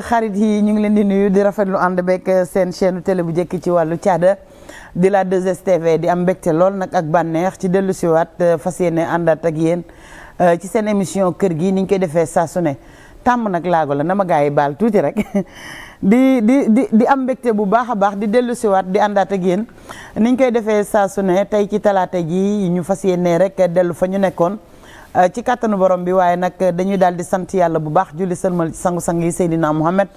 xarit yi ñu ngi leen di nuyu di rafetlu ànd beeg seen chaîne télé bu njëkk ci wàllu caada di la 2STV di am mbégte lool nag ak bànneex ci dellu siwaat euh, fas yéene àndaat ak yéen euh, ci seen émission kër gi ni ñu koy defee saa tàmm nag laago la na ma yi baal tuuti rek di di di di am mbégte bu baax a baax di dellu siwaat di àndaat ak yéen ni ñu koy defee saa ne tey ci talaata ji ñu fas yéene rek dellu fa ñu nekkoon. Euh, ci kàttanu borom bi waaye nag dañuy daal di sant yàlla bu baax julli sëlmal ci sangu-sang yi Seydina Muhammad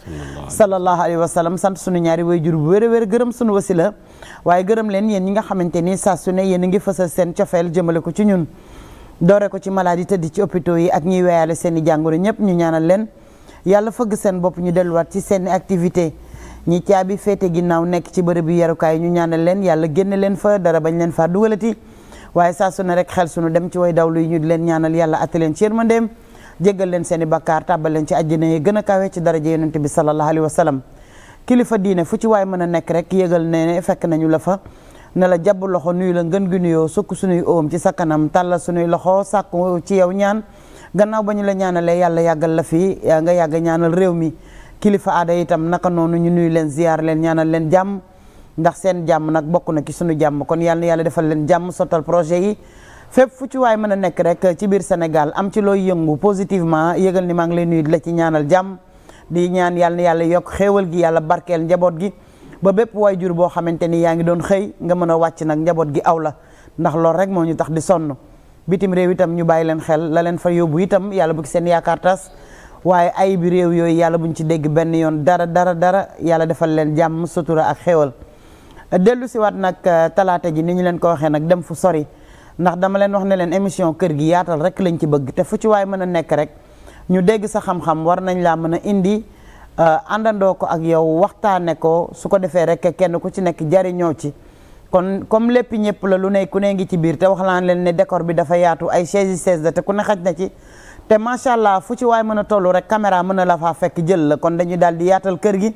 sallallahu alayhi wa sallam sant sunu ñaari waajur bu wér a wér gërëm sunu wasila waaye gërëm leen yéen ñi nga xamante ni saa su ne yéen a ngi fësal seen cofeel jëmale ko ci ñun doore ko ci malade yi tëdd ci hôpitaux yi ak ñuy weyale seen i jàngoro ñëpp ñu ñaanal leen yàlla fëgg seen bopp ñu delluwaat ci seen activité ñi caabi féete ginnaaw nekk ci bërëb bi yarukaay ñu ñaanal leen yàlla génne leen fa dara bañ leen faa dugalati waaye saa su ne rek xel sunu dem ci way dawlu yi ñu di leen ñaanal yàlla atte leen ci yërmandeem jéggal leen seen i bakkaar tàbbal leen ci àjjana yi gën a kawe ci daraja yonent bi sallallahu alayhi wa sallam kilifa diine fu ci mën a nekk rek yëgal ne fekk nañu la fa na la jàbb loxo nuyu la ngën gi nuyoo sukk suñuy oom ci sa kanam tàllal suñuy loxo sàkku ci yow ñaan gannaaw ba ñu la ñaanalee yàlla yàggal la fi nga yàgg ñaanal réew mi kilifa aada itam naka noonu ñu nuyu leen ziyaar leen ñaanal leen jàmm ndax seen jàmm nag bokk na ci suñu jàmm kon yal yàlla defal leen jàmm sottal projet yi fépp fu ci waay mën a nekk rek ci biir Sénégal am ci looy yëngu positivement yëgal ni maa ngi lay nuyu di la ci ñaanal jàmm di ñaan yàlla yàlla yokk xéewal gi yàlla barkeel njaboot gi ba bépp jur boo xamante ni yaa ngi doon xëy nga mën a wàcc nag njaboot gi aw la ndax loolu rek moo ñu tax di sonn bitim réew itam ñu bàyyi leen xel la leen fa yóbbu itam yàlla bu ci seen yaakaar waaye ay bi réew yooyu yàlla buñ ci dégg benn yoon dara dara dara yàlla defal leen jàmm sutura ak xéewal dellu siwaat nag euh, talaata ji ni ñu leen ko waxee nag dem fu sori ndax dama leen wax ne leen émission kër gi yaatal rek lañ ci bëgg te fu ci waay mën a nekk rek ñu dégg sa xam-xam war nañ laa mën a indi euh, àndandoo ko ak yow waxtaane ko su ko defee rek kenn ku ci nekk jariñoo ci kon comme lépp ñëpp la lu nekk ku ne ngi ci biir te wax laan leen ne décor bi dafa yaatu ay chaise chaise la te ku ne xaj na ci te macha allah fu ci waay mën a toll rek caméra mën na la faa fekk jël la kon dañuy daal di yaatal kër gi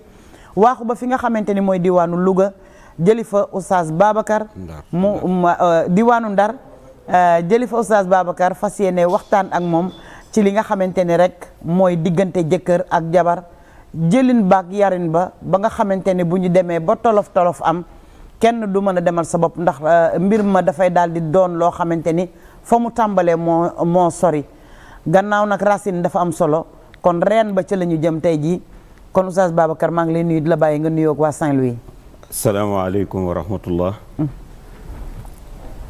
waaxu ba fi nga xamante ni mooy diwaanu Louga jëli fa oustaz Babacar mu euh, diwaanu Ndar euh, jëli fa oustaz Babacar fas yéene waxtaan ak moom ci li nga xamante ni rek mooy diggante jëkkër ak jabar jëlin baak yarin ba ba nga xamante ni bu ñu demee ba tolof tolof am kenn du mën a demal sa bopp ndax euh, mbir ma dafay daal di doon loo xamante ni fa mu tàmbalee moo moo sori gannaaw nag racine dafa am solo kon reen ba ca la ñu jëm tey jii kon oustaz Babacar maa ngi lay nuyu la bàyyi nga nuyoog waa Saint-Louis salaamaaleykum wa rahmatullah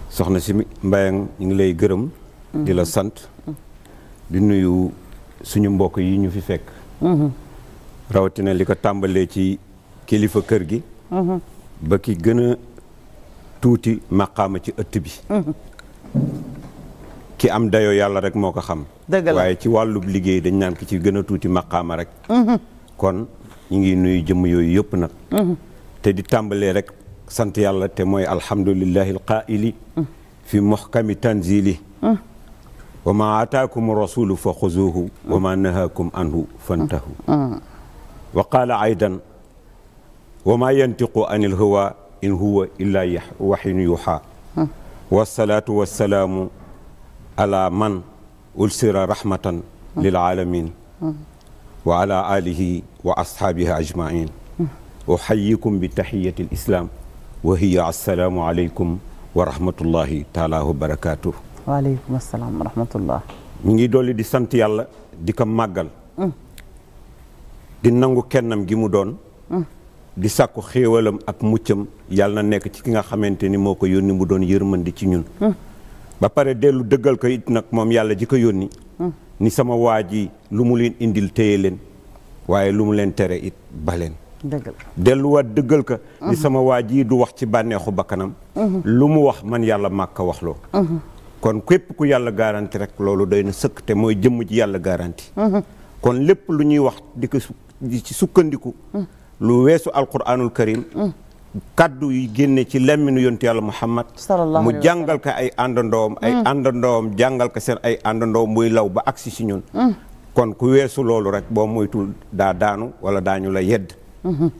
soxna si Mbayang ñu ngi lay gërëm. di la sant. di nuyu suñu mbokk yi ñu fi fekk. rawatina li ko tàmbalee ci kilifa kër gi. ba ki gën a tuuti maqaama ci ëtt bi. ki am dayo yàlla rek moo ko xam. dëgg waaye ci wàllub liggéey dañ naan ki ci gën a tuuti maqaama rek. kon ñu ngi nuyu jëmm yooyu yëpp nag. te di tàmbalee rek sant yàlla te mooy alhamdulillahi alqaili fi muhkami tanzili wa ma ataakum rasulu fa xuzuhu wa ma nahaakum anhu fantahu wa qaala aydan wa ma yantiqu an ilhawa in huwa illaa waxin yuuxa wasalaatu wasalaamu ala man ulsira rahmatan lil alamin wa ala alihi wa ashaabihi ajmain uxayikum bi taxiyati lislaam wa hiya assalaamu aleykum wa rahmatullahi taala wa barakaatu. waaleykum asalaam wa rahmatullah. ñu ngi dolli di sant yàlla di ko màggal. Mm. di nangu kennam gi mu doon. Mm. di sàkku xéewalam ak muccam yàlla na nekk ci ki nga xamante ni moo ko yónni mu doon di ci ñun. Mm. ba pare dellu dëggal ko it nag moom yàlla ji ko yónni. ni sama waa ji lu mu leen indil téye leen waaye lu mu leen tere it baleen dëgg la delluwaat dëggal ka ni sama waa ji du wax ci bànneexu bakkanam lu mu wax man yàlla màkk wax loo kon képp ku yàlla garanti rek loolu doy na sëkk te mooy jëmm ji yàlla garanti kon lépp lu ñuy wax di ko sukkandiku lu weesu alquranul karim kàddu yi génne ci lemminu yontu yàlla muhammad mu jàngal ko ay àndandoom ay àndandoom jàngal ko seen ay àndandoom muy law ba agsi si ñun kon ku weesu loolu rek boo moytul daa daanu wala daañu la yedd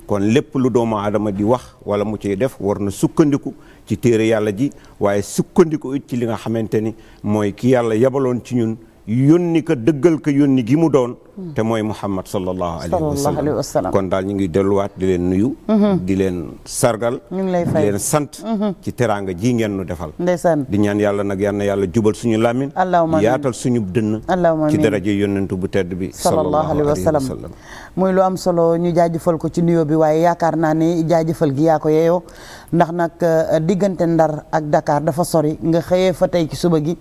kon lépp lu doomu aadama di wax wala mu ciy def war na sukkandiku ci téere yàlla ji waaye sukkandiku it ci li nga xamante ni mooy ki yàlla yabaloon ci ñun yónni ko dëggal ko yónni gi mu doon te mooy muhammad sallallahu alayhi wa sallam kon daal ñu ngi delluwaat di leen nuyu mhm. di leen sargal ñu ngi di sant mhm. ci teraanga jii ngeen nu defal ndeysaan di ñaan yàlla nag yal yàlla jubal suñu làmmiñ allahumma yaatal suñu dënn allahumma ci daraje tu bu tedd bi sallallahu alayhi wa sallam muy lu am solo ñu jaajëfal ko ci nuyoo bi waaye yaakaar naa ne jaajëfal gi yaa ko yeyoo ndax nag euh, diggante Ndar ak dakaar dafa sori nga xëyee fa tey ci suba gi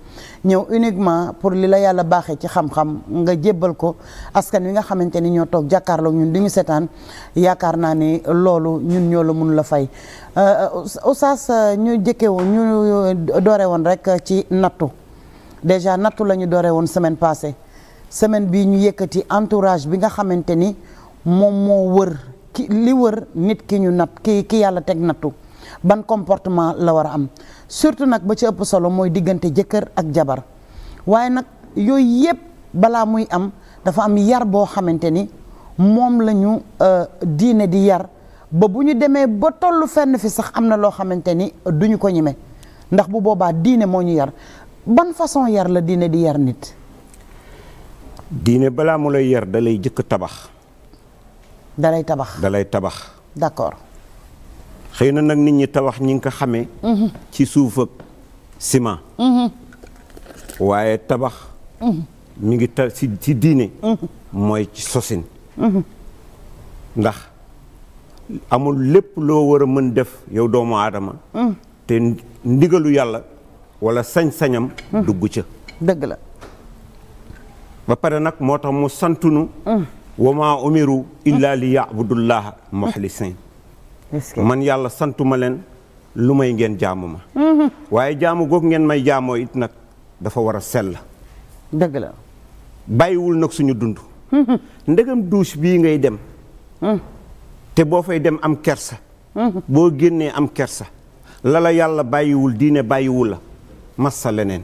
ñëw uniquement pour li la yàlla baaxee ci xam-xam nga jébbal ko askan wi nga xamante ni ñoo toog jàkkaarlook ñun di ñu seetaan yaakaar naa ni loolu ñun ñoo la mun la fay euh, euh, oustaz ñu jëkke woon ñu doore woon rek ci nattu déjà nattu la ñu doore woon semaine passé semaine bi ñu yëkkati entourage bi nga xamante ni moom moo wër ki li wër nit ki ñu nat ki ki yàlla teg nattu ban comportement la war a am surtout nag ba ci ëpp solo mooy diggante jëkkër ak jabar waaye nag yooyu yëpp balaa muy am dafa am yar boo xamante ni moom la ñu euh, diine di yar ba bu ñu demee ba tollu fenn fi sax am na loo xamante ni duñu ko ñeme ndax bu boobaa diine moo ñu yar ban façon yar la diine di yar nit diine balaa mu lay yar dalay jëkk tabax. da tabax da lay tabax. d'accord. xëy na nag nit ñi tabax ñi nga ko xamee. Mm-hmm. ci suuf ak mm-hmm. waaye tabax. mu mm-hmm. ngi ta si ci diine. mooy ci sosin. ndax amul lépp loo war a mën def yow doomu aadama. Mm. te ndigalu yàlla walla sañ-sañam. Mm. dugg ca dëgg la. ba pare nag moo tax mu santunu mm. wa maa umiru illa li yaabudullaha muxlisin man yàlla santuma leen lu may ngeen jaamu ma mm-hmm. waaye jaamu goog ngeen may jaamoo it nag dafa war a sell dëgg bàyyiwul nag suñu dund mm-hmm. ndegam douche bii ngay dem mm. te boo fay dem am kersa mm-hmm. boo génnee am kersa lala yàlla bàyyiwul diine bàyyiwul la massa leneen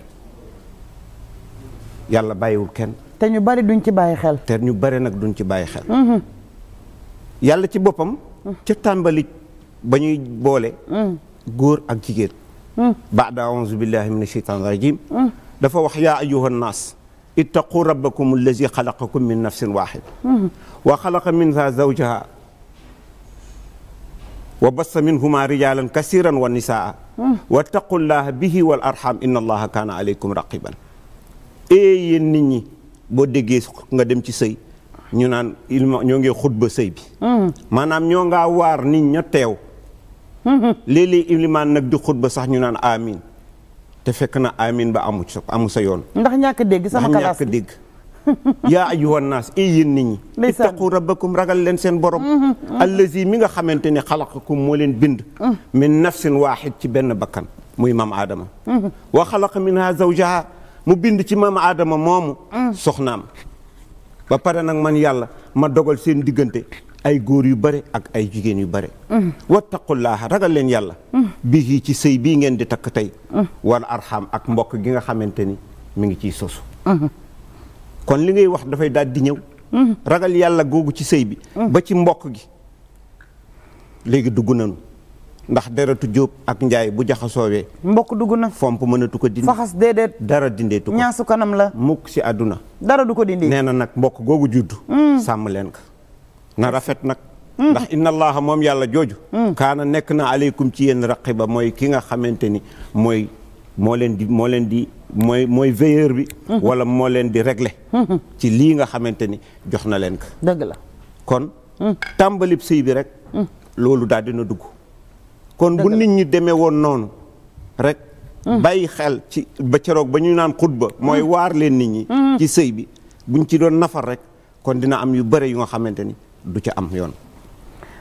yàlla bàyyiwul kenn te ñu bari duñ ci bàyyi xel. te ñu bari nag duñ ci bàyyi xel. Mm-hmm. yàlla ci boppam. Mm-hmm. ca tàmbali ba ñuy boole. Mm-hmm. góor ak jigéen. baada aouzu billahi min asheytan rajim dafa wax yaa ayuha nnaas ittaqu rabbakum allazi xalaqakum min nafsin waxid wa xalaqa minha zawjaha wa bassa minhuma rijalan kasiran wa nisaa wa taqu llaha bihi wal arxam inna allaha kaana aleykum raqiban ee yéen nit ñi boo déggee nga dem ci sëy ñu naan il ma ñoo ngi xutba sëy bi mm. maanaam ñoo ngaa waar nit ña teew mm-hmm. léeg-léeg ilimaan nag di xutba sax ñu naan amin te fekk na amin ba amu sa amu sa yoon ndax ñàkk dégg sama kalaas ndax ñàkk dégg yaa ayyuhan naas e yéen nit ñi ittaqu ragal leen seen borom mm-hmm. Mm-hmm. allazi mi nga xamante ni xalaqakum moo leen bind mm. min nafsin waaxid ci benn bakkan muy maam aadama wa xalaqa minha zawjaha mu bind ci maam aadama moomu mm. soxnaam ba pare nag man yàlla ma dogal seen diggante ay góor yu bare ak ay jigéen yu bare mm. wattaqullaaha ragal leen yàlla mm. bii ci sëy bii ngeen di takk tey wal arxam ak mbokk gi nga xamante ni mu ngi ciy sos kon li ngay wax dafay daal di ñëw ragal yàlla googu ci sëy bi ba ci mbokk gi léegi dugg nañu ndax deretu jóob ak njaay bu jaxasoowee mbokk dugg na fomp mënatu ko dindi faxas déedéet dara dindeetu ko ñaasu kanam la mukk si àdduna dara du ko dindi nee na nag mbokk googu judd mm. sàmm leen ko na rafet nag mm. ndax inna allaha moom yàlla jooju mm. kaana nekk na aleykum ci yéen ba mooy ki nga xamante ni mooy moo leen di moo leen di mooy mooy veilleur bi mm-hmm. wala moo leen di régler mm-hmm. ci lii nga xamante ni jox na leen ko dëgg la kon tàmbalib sëy bi rek loolu daal dina dugg kon bu nit ñi demee woon noonu rek. Mm. bàyyi xel ci ba ceroog ba ñu naan xutba mooy mm. waar leen nit ñi. Mm. ci sëy bi buñ ci doon nafar rek kon dina am yu bëre yu nga xamante ni du ca am yoon.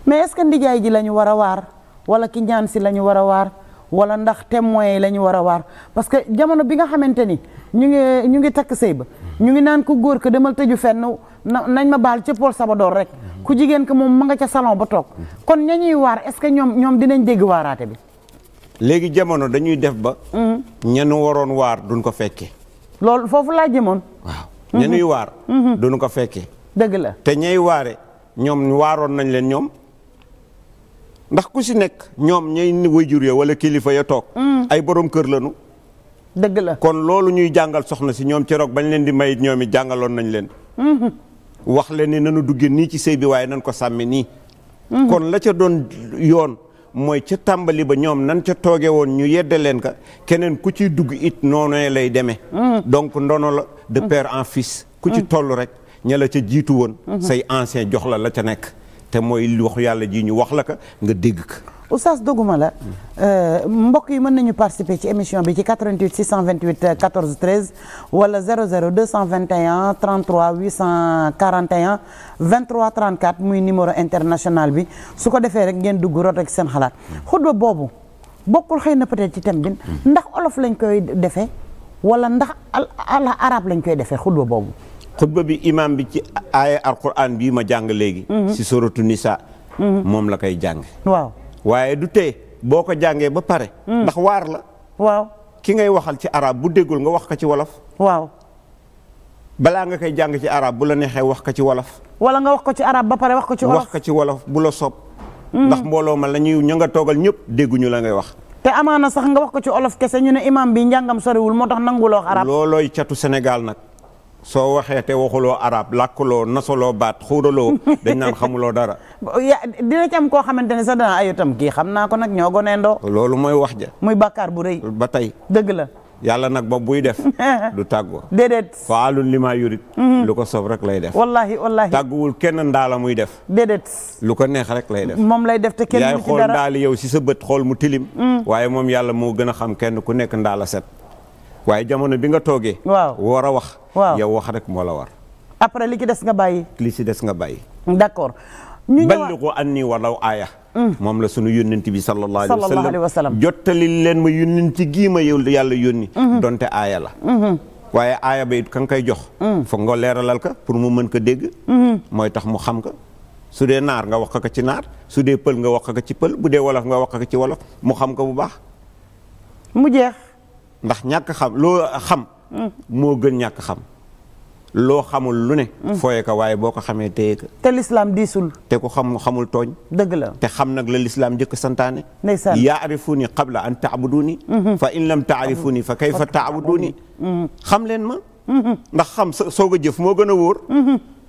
mais est-ce que ndijaay ji lañu war a waar wala ki ñaan si lañu war a waar. wala ndax témoins yi la ñu war a waar parce que jamono bi nga xamante ni ñu ngi ñu ngi takk sëy ba ñu ngi naan ku góor ko demal tëju fenn na nañ ma baal ca Paul Sabador rek ku jigéen ko moom ma nga ca salon ba toog kon ña ñuy waar est-ce que ñoom ñoom dinañ dégg waaraate bi. léegi jamono dañuy def ba. Mm. ñenu waroon waar duñ ko fekkee. loolu foofu laa jëmoon. waaw mm-hmm. ñenuy waar. Mm-hmm. duñ ko fekkee. dëgg la te ñay waare ñoom waaroon nañ leen ñoom. ndax ku si nekk ñoom ñay wayjur ya wala kilifa ya toog. Mm. ay borom kër lañu. dëgg la kon loolu ñuy jàngal soxna si ñoom ceroog bañ leen di may ñoom it jàngaloon nañ leen. Mm-hmm. wax leen ni nanu duggee nii ci sëy bi waaye nañ ko sàmmi nii. Mm-hmm. kon la ca doon yoon mooy ca tàmbali ba ñoom nan ca toogee woon ñu yedde leen ka keneen ku ciy dugg it noonu lay demee. Mm-hmm. donc ndono la de père en fils. ku ci toll rek ña la ca jiitu woon. say ancien jox la la ca nekk. te mooy waxu yàlla ji ñu wax la ka nga dégg ka oustaz doguma la euh, mbokk yi mën nañu participer ci émission bi ci 88 628 14 13 wala 00 221 33 841 23 34 muy numéro international bi su ko defee rek ngeen dugg root rek seen xalaat xutba boobu bokkul xëy na peut-être ci thème bi ndax olof lañ koy defee wala ndax al arab lañ koy defee xutba boobu xutba bi imaam bi ci aaya alquran bii ma jàng léegi. si mhm. suratu nisa. Mhm. moom la koy jàng. waaw waaye du tee boo ko jàngee ba pare. Mhm. ndax waar la. waaw ki ngay waxal ci arab bu déggul nga wax ko ci wolof. waaw. nga koy jàng ci arab bu la neexee wax ko ci wolof. wala nga wax ko ci arab ba pare wax ko ci wolof wax ko ci wolof bu la soob. ndax mbooloo ma la ñuy ña nga toogal ñëpp dégguñu la ngay wax. te amaana sax nga wax ko ci olof kese ñu ne imaam bi njàngam soriwul moo tax nangu la wax arab. loolooy catu Sénégal nag. soo waxee te waxuloo araab lakkuloo nasoloo baat xuuraloo dañ naan xamuloo dara. ya dina ci am koo xamante ne sax dana ayotam kii xam naa ko nag ñoo goneendoo. loolu mooy wax ja. muy bàkkaar bu rëy. ba tey dëgg la. yàlla nag ba buy def du tàggoo déedéet faalun li maa yurit mm-hmm. lu ko soob rek lay def wallahi wallahi kenn ndaala muy def déedéet lu ko neex rek lay def moom lay def te kenn xool ndaali yow si sa bët xool mu tilim mm. waaye moom yàlla moo gën a xam kenn ku nekk ndaala set waaye jamono bi nga toogee. waaw war a wax. waaw yow wax rek moo la war. après li ci des nga bàyyi. li ci des nga bàyyi. d'accord. ñu balligu anni walaw aaya. Hmm. moom la sunu yónnent bi sallallahu alayhi wa sallam jottali leen ma yónnent gii ma yow yàlla yónni. Hmm. donte aaya hmm. waaye aaya ba it ka nga koy jox. foog nga leeralal ka pour mu mën ko dégg. mooy tax mu xam ka su dee naar nga wax ko ci naar su dee pël nga wax ko ci pël bu dee wolof nga wax ko ci wolof mu xam ko bu baax. mu jeex. ndax ñàkk xam loo xam. moo gën ñàkk xam. loo xamul lu ne. fooye ko waaye boo ko xamee téye ko. te lislaam diisul. te ko xam xamul tooñ. dëgg la te xam nag la lislaam njëkk santaane. ndeysaan yaarifuuni qabla an taabuduuni. Mhm. fa in lam taarifuuni fa fa kayfa taabuduuni. Mhm. xam leen ma. Mhm. ndax xam soo a jëf moo gën a wóor.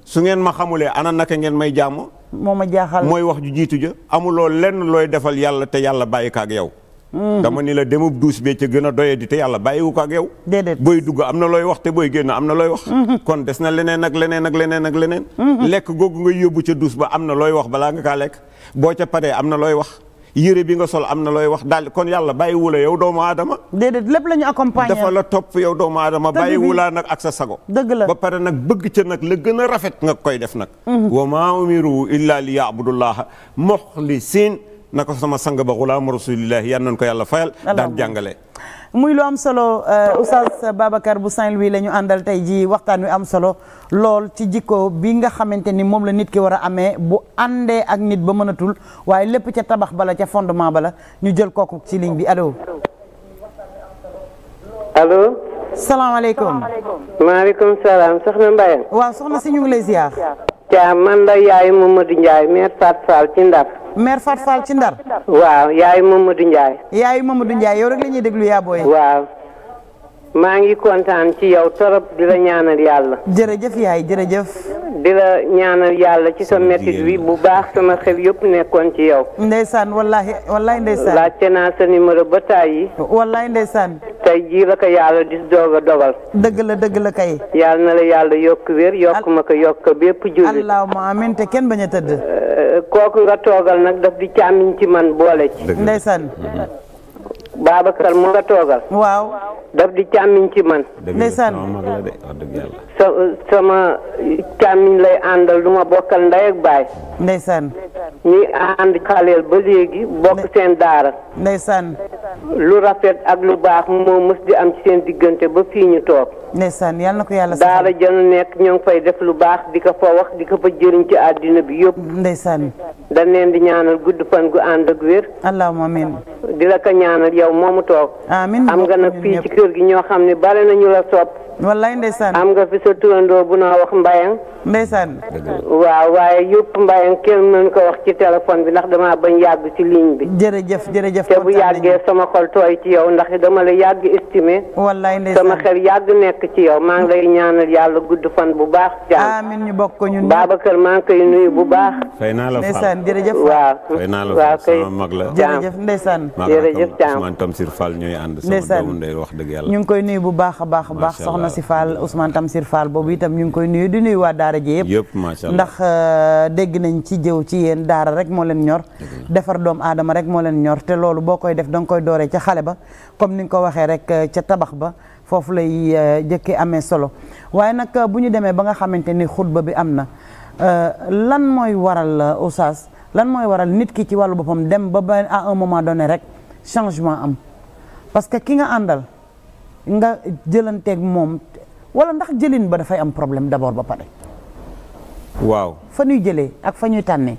su ngeen ma xamulee ana naka ngeen may jaamu. moo ma jaaxal mooy wax ju jiitu ja amuloo lenn looy defal yàlla te yàlla bàyyi ko ak yow. Hmm. dama ni la demub duus bee ca gën a doye di te yàlla bàyyiwu ko ak booy dugg am na looy wax te booy génn am na looy wax hmm. kon des na leneen ak leneen ak leneen hmm. lekk googu nga yóbbu ca duus ba am na looy wax balaa nga kaa lekk boo ca paree am na looy wax yére bi nga sol am na looy wax daal kon yàlla bàyyiwu la yow doomu aadama déedéet lépp la ñu accompagner dafa la topp yow doomu aadama bàyyiwu laa nag ak sa sago dëgg la ba pare nag bëgg ca nag la gën a rafet nga koy def nag wa maa umiru illa li yaabudullaha moxlisin na ko sama sang ba xulaam rasulillahi yan nañ ko yàlla fayal daan jàngale muy lu am solo euh, oustaz Babacar bu Saint-Louis lañu ñu àndal tey ji waxtaan wi am solo lool ci jikko bi nga xamante ni moom la nit ki war a amee bu àndee ak nit ba mënatul waaye lépp ca tabax bala ca fondement bala ñu jël kooku ci ligne bi allo allo salaamaaleykum maaleykum salaam soxna Mbaye waaw soxna si ñu ngi lay ziar. caa man la yaay Mamadou Ndiaye maire Fatou Fall ci Ndar mère Fatou Fall ci Ndar. waaw yaayu Mamadou Ndiaye. yaayu Mamadou Ndiaye yow rek la ñuy déglu yaa booy. waaw. maa ngi kontaan ci yow torop di la ñaanal yàlla. jërëjëf yaay jërëjëf. di la ñaanal yàlla ci sa métit wi bu baax sama xel yëpp nekkoon ci yow. ndeysaan wallaahi wallaahi ndeysaan. laajte naa sa numéro ba taay yi. wallaahi ndeysaan. tey jii la ko yàlla di doog dogal. dëgg la dëgg la kay. yàlla na la yàlla yokk wér yokk ma ko yokk bépp jullit. allahumma amiin te kenn bañ a tëdd. Eh, kooku nga toogal nag daf di càmmiñ ci man boole ci. ndeysaan. Mm-hmm. Babacar moo nga toogal. waaw. daf di càmmiñ ci man. ndeysaan dëgg sama càmmiñ lay àndal du ma bokkal ndey ak baay. ndeysaan. a ànd xaleel ba léegi bokk seen daara. ndeysaan. lu rafet ak lu baax moo mës di am ci seen diggante ba fii ñu toog. ndeysaan yal na ko yàlla. daara jël nekk ñoo ngi fay def lu baax di ko fa wax di ko fa jëriñ ci àddina bi yëpp. ndeysaan. dañ leen di ñaanal gudd fan gu ànd ak wér. allahumma amiin. di la ko ñaanal yow moomu toog. amiin am nga nag fii ci kër gi ñoo xam ne bare nañu la sopp. wallaay ndeysaan am nga fi sa turandoo bu naa wax mbayang ndeysaan waaw waaye yëpp mbayang kenn mën ko wax ci téléphone bi ndax dama bañ yàgg ci ligne bi jërëjëf jërëjëf te bu yàggee sama xol tooy ci yow ndax dama la yàgg estimé wallaay ndeysaan sama xel yàgg nekk ci yow maa ngi lay ñaanal yàlla gudd fan bu baax jàmm amiin ñu bokk ko ñun Babacar maa ngi koy bu baax fay naa la jërëjëf waaw fay naa la waaw kay la jërëjëf ndeysaan jërëjëf Thiam Ousmane Tamsir Fall ñooy ànd sama doomu wax dëgg yàlla ñu ngi koy nuyu bu baax a baax a baax soxna soxna si Fall Ousmane Tamsir Fall boobu itam ñu ngi koy nuyu di nuyu waa daara ji yëpp ndax euh, dégg nañ ci jëw ci yéen daara rek moo leen ñor defar doom aadama rek moo leen ñor te loolu boo koy def da koy dooree ca xale ba comme ni nga ko waxee rek euh, ca tabax ba foofu lay euh, jëkke amee solo waaye nag bu ñu demee ba nga xamante ni ba bi am na lan mooy waral aussage lan mooy waral nit ki ci wàllu boppam dem ba ba à un moment donné rek changement am nga jëlanteeg moom wala ndax jëlin ba dafay am problème d'abord ba pare. waaw fa ñuy jëlee ak fa ñuy tànnee.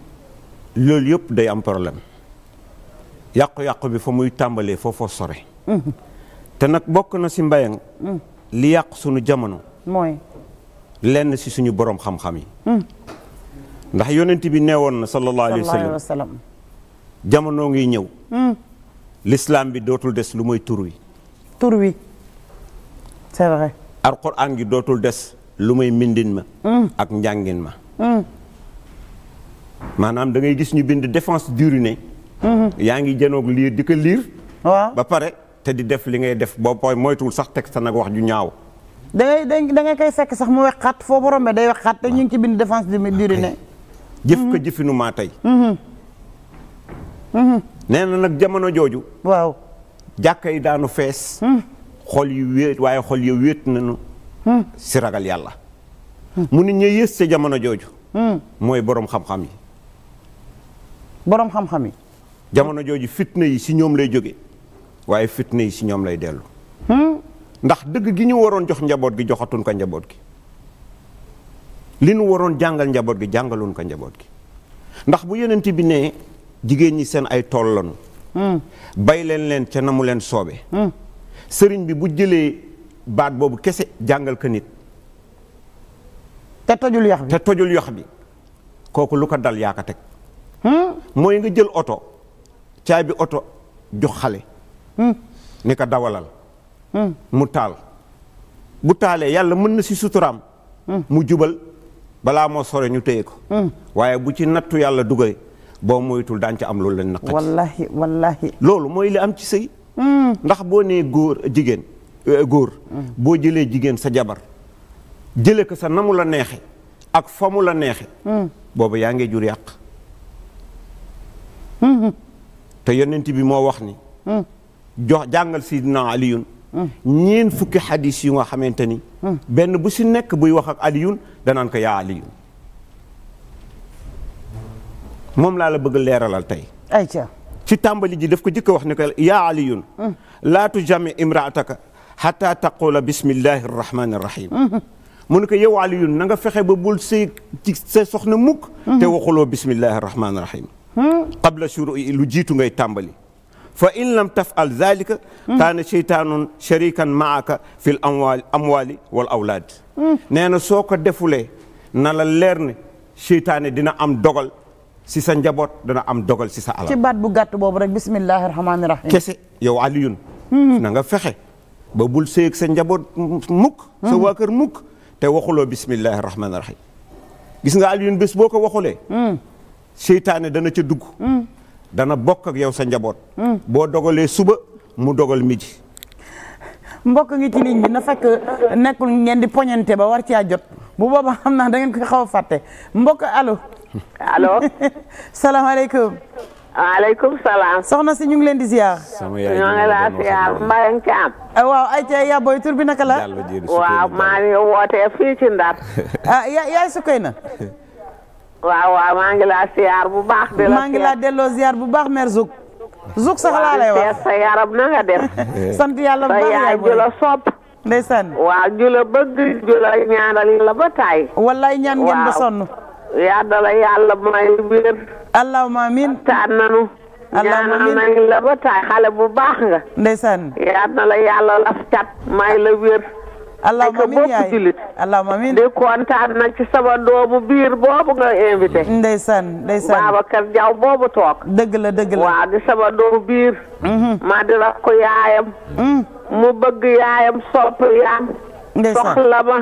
loolu yëpp day am problème yàqu-yàqu bi fa muy tàmbalee foofoo sore. Mhm. te nag bokk na si mbayang mhm. li yàq suñu jamono. mooy. lenn si suñu borom xam-xam yi. Mhm. ndax yonent bi nee woon na sallallahu alayhi wa sallam jamono ngi ñëw. lislaam bi dootul des lu mooy tur wi. tur wi. c'est vrai alquran gi dootul des lu may mbindin ma mm. ak njàngin ma mm. maanaam dangay gis ñu bind défense d'uriner mm-hmm. yaa ngi jënoog liir di ko liir waaw ba pare te di def li ngay def boo pooy moytuwul sax texte nag wax ju ñaaw da ngay da ngay koy sekk sax mu wexxaat foo borom bi day xat te ñu ngi ci bind défense d'uriner jëf ko mm-hmm. jëfinu maa tey mm-hmm. nee na nag jamono jooju waaw jàkka yi daanu fees mm. xol yu wéet waaye xol yu wéet nañu si hmm. ragal yàlla hmm. mu ne ñu yées ca jamono jooju hmm. mooy boroom xam-xam yi boroom xam-xam yi jamono jooju fitna yi si ñoom lay jóge waaye fitna yi si ñoom lay dellu ndax dëgg gi ñu waroon jox njaboot gi joxatuñ ko njaboot gi li ñu waroon jàngal njaboot gi jàngaloon ko njaboot gi ndax bu yenent bi ne jigéen ñi seen ay tool lañu bay leen leen ca na mu leen soobe sëriñ bi bu jëlee baat boobu kese jàngal ko nit. te tojul yox bi te tojul yox bi kooku lu ko dal yaa ko teg. Hmm? mooy nga jël oto bi oto jox xale. Hmm? ni ko dawalal. Hmm? mu taal bu taalee yàlla mën na si suturaam. mu jubal balaa moo sore ñu téye ko. waaye bu ci nattu yàlla dugal boo moytul daan ci am loolu lañ naqari. loolu mooy li am ci sëy ndax boo nee góor jigéen euh, góor boo jëlee jigéen sa jabar jële ko sa namu la neexe ak fa mu la neexe boobu yaa ngi jur yàq te yonent bi moo wax ni jox jàngal sidna aliyun ñeen fukki xadis yu nga xamante ni benn bu si nekk buy wax ak aliyun danaan ko yaa aliyun moom laa la bëgg leeralal tey ayca ci tàmbali ji daf ko jëkk wax ne ko yaa aliyun laa tujami imraataka xata taqula bismillahi arrahmani arrahim mu ne ko yow aliyun na nga fexe ba bul say ci say soxna mukk te waxuloo bismillahi arrahmani arrahim qabla shurui lu jiitu ngay tàmbali fa in lam tafal dalika kaana cheytaanun sharikan maaka fi l amwali amwali wal awlaad mm. nee na soo ko defulee na la leer ne cheytaane dina am dogal si sa njaboot dana am dogal si sa alal. ci baat bu gàtt boobu rek bismillahi rahmaani rahim. kese yow Alioune. Hmm. na nga fexe ba bul seeg sa njaboot mukk. sa hmm. waa kër mukk te waxuloo bismillahi rahmaani rahim. gis nga Alioune bés boo ko waxulee. Hmm. seytaane dana ca dugg. dana bokk ak yow sa njaboot. boo dogalee suba mu dogal midi. mbokk ngi ci ligne bi na fekk nekkul ngeen di poñante ba war caa jot bu boobaa xam naa da ngeen ko xaw a fàtte mbokk allo. allo. salaamaaleykum. waaleykum salaam. soxna si ñu ngi leen di si sama yaay ñoo ngi laa ziar Mbaye Thiam. Ah, waaw ayca yaa booy tur bi naka la. waaw maa ngi fii ci Ndar. ah yaay waaw waaw maa ngi laa ziar bu baax. de la maa ngi laa delloo ziar bu baax mère Zouk. Zouk sax laa lay wax sa yaram na nga def. bu baax yaay booy la sopp. ndeysaan. waaw ju la bëgg ju la ñaanal la ba taay. wallaay ñaan ngeen ba yàlla la yàlla may wér. allahumma amiin taan nanu. allahumma amiin la ba taay xale bu baax nga. ndeysaan. yàlla la yàlla laf cat may la wér. allahumma amiin yaay julit allahumma amiin di kontaan nag doomu biir boobu nga invité. ndeysaan ndeysaan Babacar Diaw boobu toog. dëgg la dëgg la waaw di sama doomu biir. Mhm. maa di rakk yaayam. Mhm. mu bëgg yaayam sopp yaayam. ndeysaan soxla ma.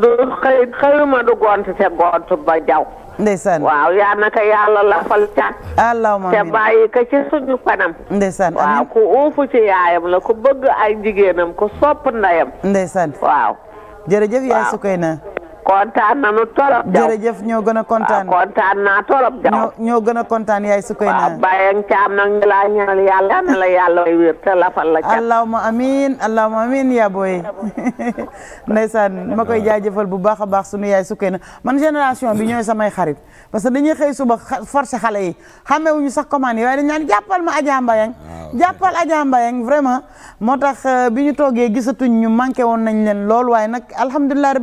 du xëy xëyuma du gont te gont ba jaw ndeysaan waaw yaa naka yàlla lafal cat allahumma te bàyyi ko ci suñu kanam ndeysaan waaw ku uufu ci yaayam la ku bëgg ay jigéenam ku sopp ndeyam ndeysaan waaw jërëjëf yaay Soukeyna kontaan nañu torop. jaww jërëjëf ñoo gën a kontaan waaw kontaan naa torop. jaww ñoo gën a kontaan yaay su koy naa. waaw Baye Thiam nag ñu laa ñaanal yàlla na la yàlla way wér te lafal la ca. allahuma amiin allahuma amiin yaa booy. ndeysaan ma koy jaajëfal bu baax a baax sunu yaay su na man génération bi ñooy samay xarit parce que dañuy xëy suba forcé xale yi wu ñu sax commande yi waaye dañu naan jàppal ma ajaa Mbayang. jàppal Adja Mbayang vraiment moo tax euh, bi ñu toogee gisatuñ ñu manqué woon nañ leen lool waaye nag alhamdulilah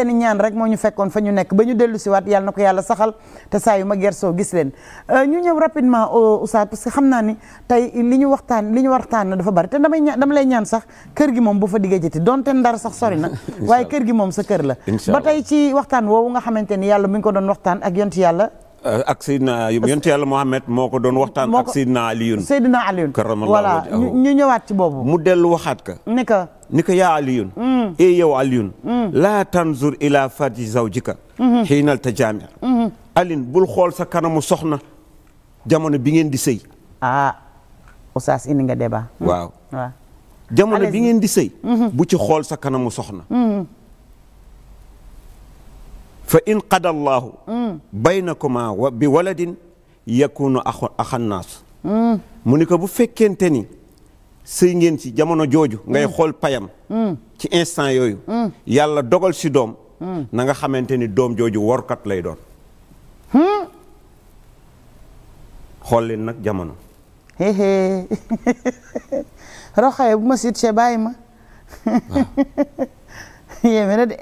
seeni ñaan rek moo ñu fekkoon fa ñu nekk ba ñu dellu si waat yàlla na ko yàlla saxal te saa yu ma gersoo gis leen euh, ñu ñëw rapidement Oustaz parce que xam naa ni tey li ñu waxtaan li ñu waxtaan dafa bari te damay ñaan dama lay ñaan sax kër gi moom bu fa diggee jëti donte ndar sax sori na waaye kër gi moom sa kër la ba tey ci waxtaan woowu nga xamante ni yàlla mi ngi ko doon waxtaan ak yonti euh, moo ko doon waxtaan ak Seydina Aliyun Seydina Aliyun voilà ñu ñëwaat ci boobu mu dellu waxaat ka ni ko yaa aliyun e yow aliyun mm. laa tanzur ila fati zawjika xiinal mm-hmm. ta jaami mm-hmm. alin bul xool sa kanamu soxna jamono bi ngeen di sëy ah oustaz indi nga débat mm. waaw waaw bi ngeen di sëy mm-hmm. bu ci xool sa kanamu soxna fa in qada allahu baynakuma bi waladin yakunu axan naas mu ni bu fekkente ni sëy ngeen ci jamono jooju. Mm. ngay xool payam. Mm. ci instant yooyu. Mm. yàlla dogal si doom. nanga xamante ni doom jooju workat lay doon. Hmm? xool leen nag jamono. roxaye bu ma siit see bàyyi ma. yéeme na de.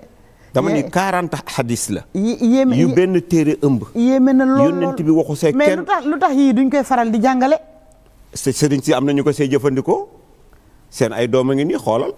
dama ni quarante hadis la. yu benn téere ëmb. yéeme na lool yonent bi waxu see kenn mais lu tax lu tax yii duñ koy faral di jàngale. sëriñ si am na ñu ko see jëfandikoo. seen ay doom a ngi nii xoolal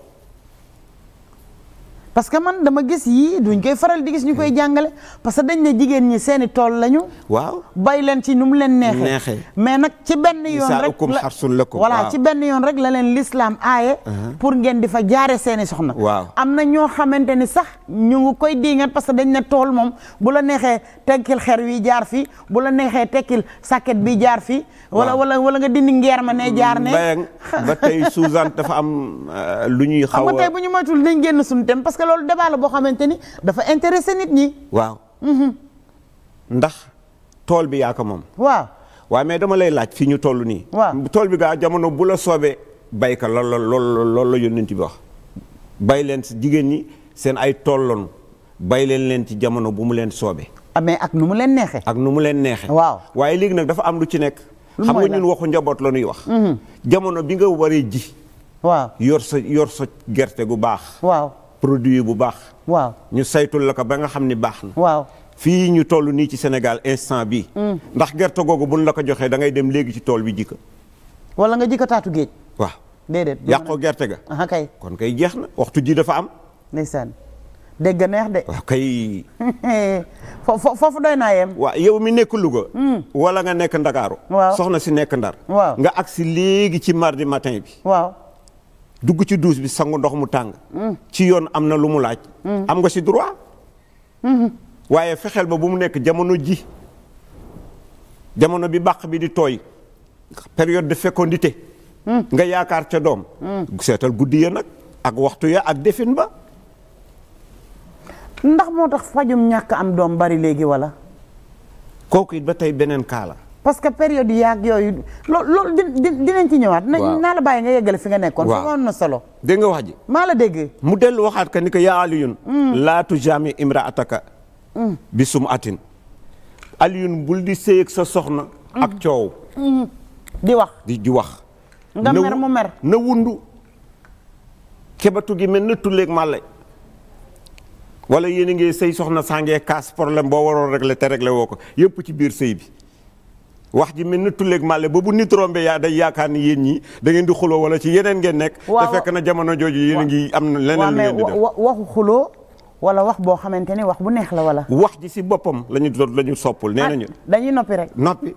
parce que man dama gis yii duñ koy faral di gis ñu koy jàngale parce que dañ ne jigéen ñi seeni tool lañu. waaw bay leen ci nu mu leen neexee. mais nag ci benn yoon rek la voilà ci benn yoon rek la leen lislaam aaye. Uh-huh. pour ngeen di fa jaare seeni soxna. waaw am na ñoo xamante ni sax ñu ngi koy diingat parce que dañ ne tool moom bu la neexee tekkil xer wi jaar fi bu la neexee tekkil sàkket bi jaar fi wala wala wala nga dindi ngeer ma ne mm, jaar ne. ba tey Suzanne dafa am euh, lu ñuy xaw a. tey bu ñu moytul nañ génn que loolu débat boo xamante ni dafa intéressé nit ñi. waaw. Mhm. ndax tool bi yaa ko moom. waa waaye mais dama lay laaj fi ñu toll nii. waaw tool bi gaa jamono bu la soobee bay ka lool lool lool la yónnent bi wax. bay leen si jigéen ñi seen ay tolloon bay leen leen ci jamono bu mu leen soobee. Ah, mais ak nu mu leen neexee. ak nu mu leen neexee. waaw waaye léegi nag dafa am lu ci nekk. xam nga ñun waxu njaboot la ñuy wax. Mhm. jamono bi nga waree ji. waaw yor sa yor sa gerte gu baax. produit bu baax. waaw ñu saytul la ko ba nga xam ni baax na. waaw fii ñu toll nii ci Sénégal instant bi mm. ndax gerte googu buñ la ko joxee da ngay dem léegi ci tool bi jikka wala nga jikka taatu géej. waaw déedéet. gerte ga. aha kon kay jeex na waxtu ji dafa am. ndeysaan dégg neex de. waaw kay. foofu doy naa yem. waaw yow mi nekk Louga. Mm. wala nga nekk Ndakaaru. soxna si nekk Ndar. waaw nga agsi léegi ci mardi matin bi. waaw. dugg ci douche bi sangu ndox mu tàng. ci yoon am na lu mu laaj. am nga ci droit. waaye fexeel ba bu mu nekk jamono ji jamono bi bàq bi di tooy période de fécondité. nga yaakaar ca doom. seetal guddi ya nag ak waxtu ya ak defin ba. ndax moo tax fajum ñàkk am doom bari léegi wala. kooku yi ba tey beneen kaala. parce que période yi ak yooyu loo dinañ ci ñëwaat. naa la bàyyi nga yeggale fi nga nekkoon. waaw amoon na solo. dégg wax ji. maa la dégg. mu dellu waxaat ka ni ko yaa Alioune. Mm. laatu jaami imra ataka. Mm. bi sum atin. Alioune bul di sëy ak sa soxna. Mm. ak coow. Mm-hmm. di wax di wax. nga mer mu mer na wundu. kebatu gi mel na tulleeg màlle. wala yéen a ngi sëy soxna sàngee kaas problème boo waroon réglé te réglé woo ko yëpp ci biir sëy bi. wax ji mel ni tulleeg màlle ba bu nit rombe yaa day yaakaar ni yéen ñi da ngeen di xuloo wala ci yeneen ngeen nekk te fekk na jamono jooju yéen a ngi am na leneen lu ngeen di def waxu xuloo wala wax boo xamante ni wax bu neex la wala wax ji si boppam lañu doon la ñu soppul nee ah, nañu dañuy noppi rek noppi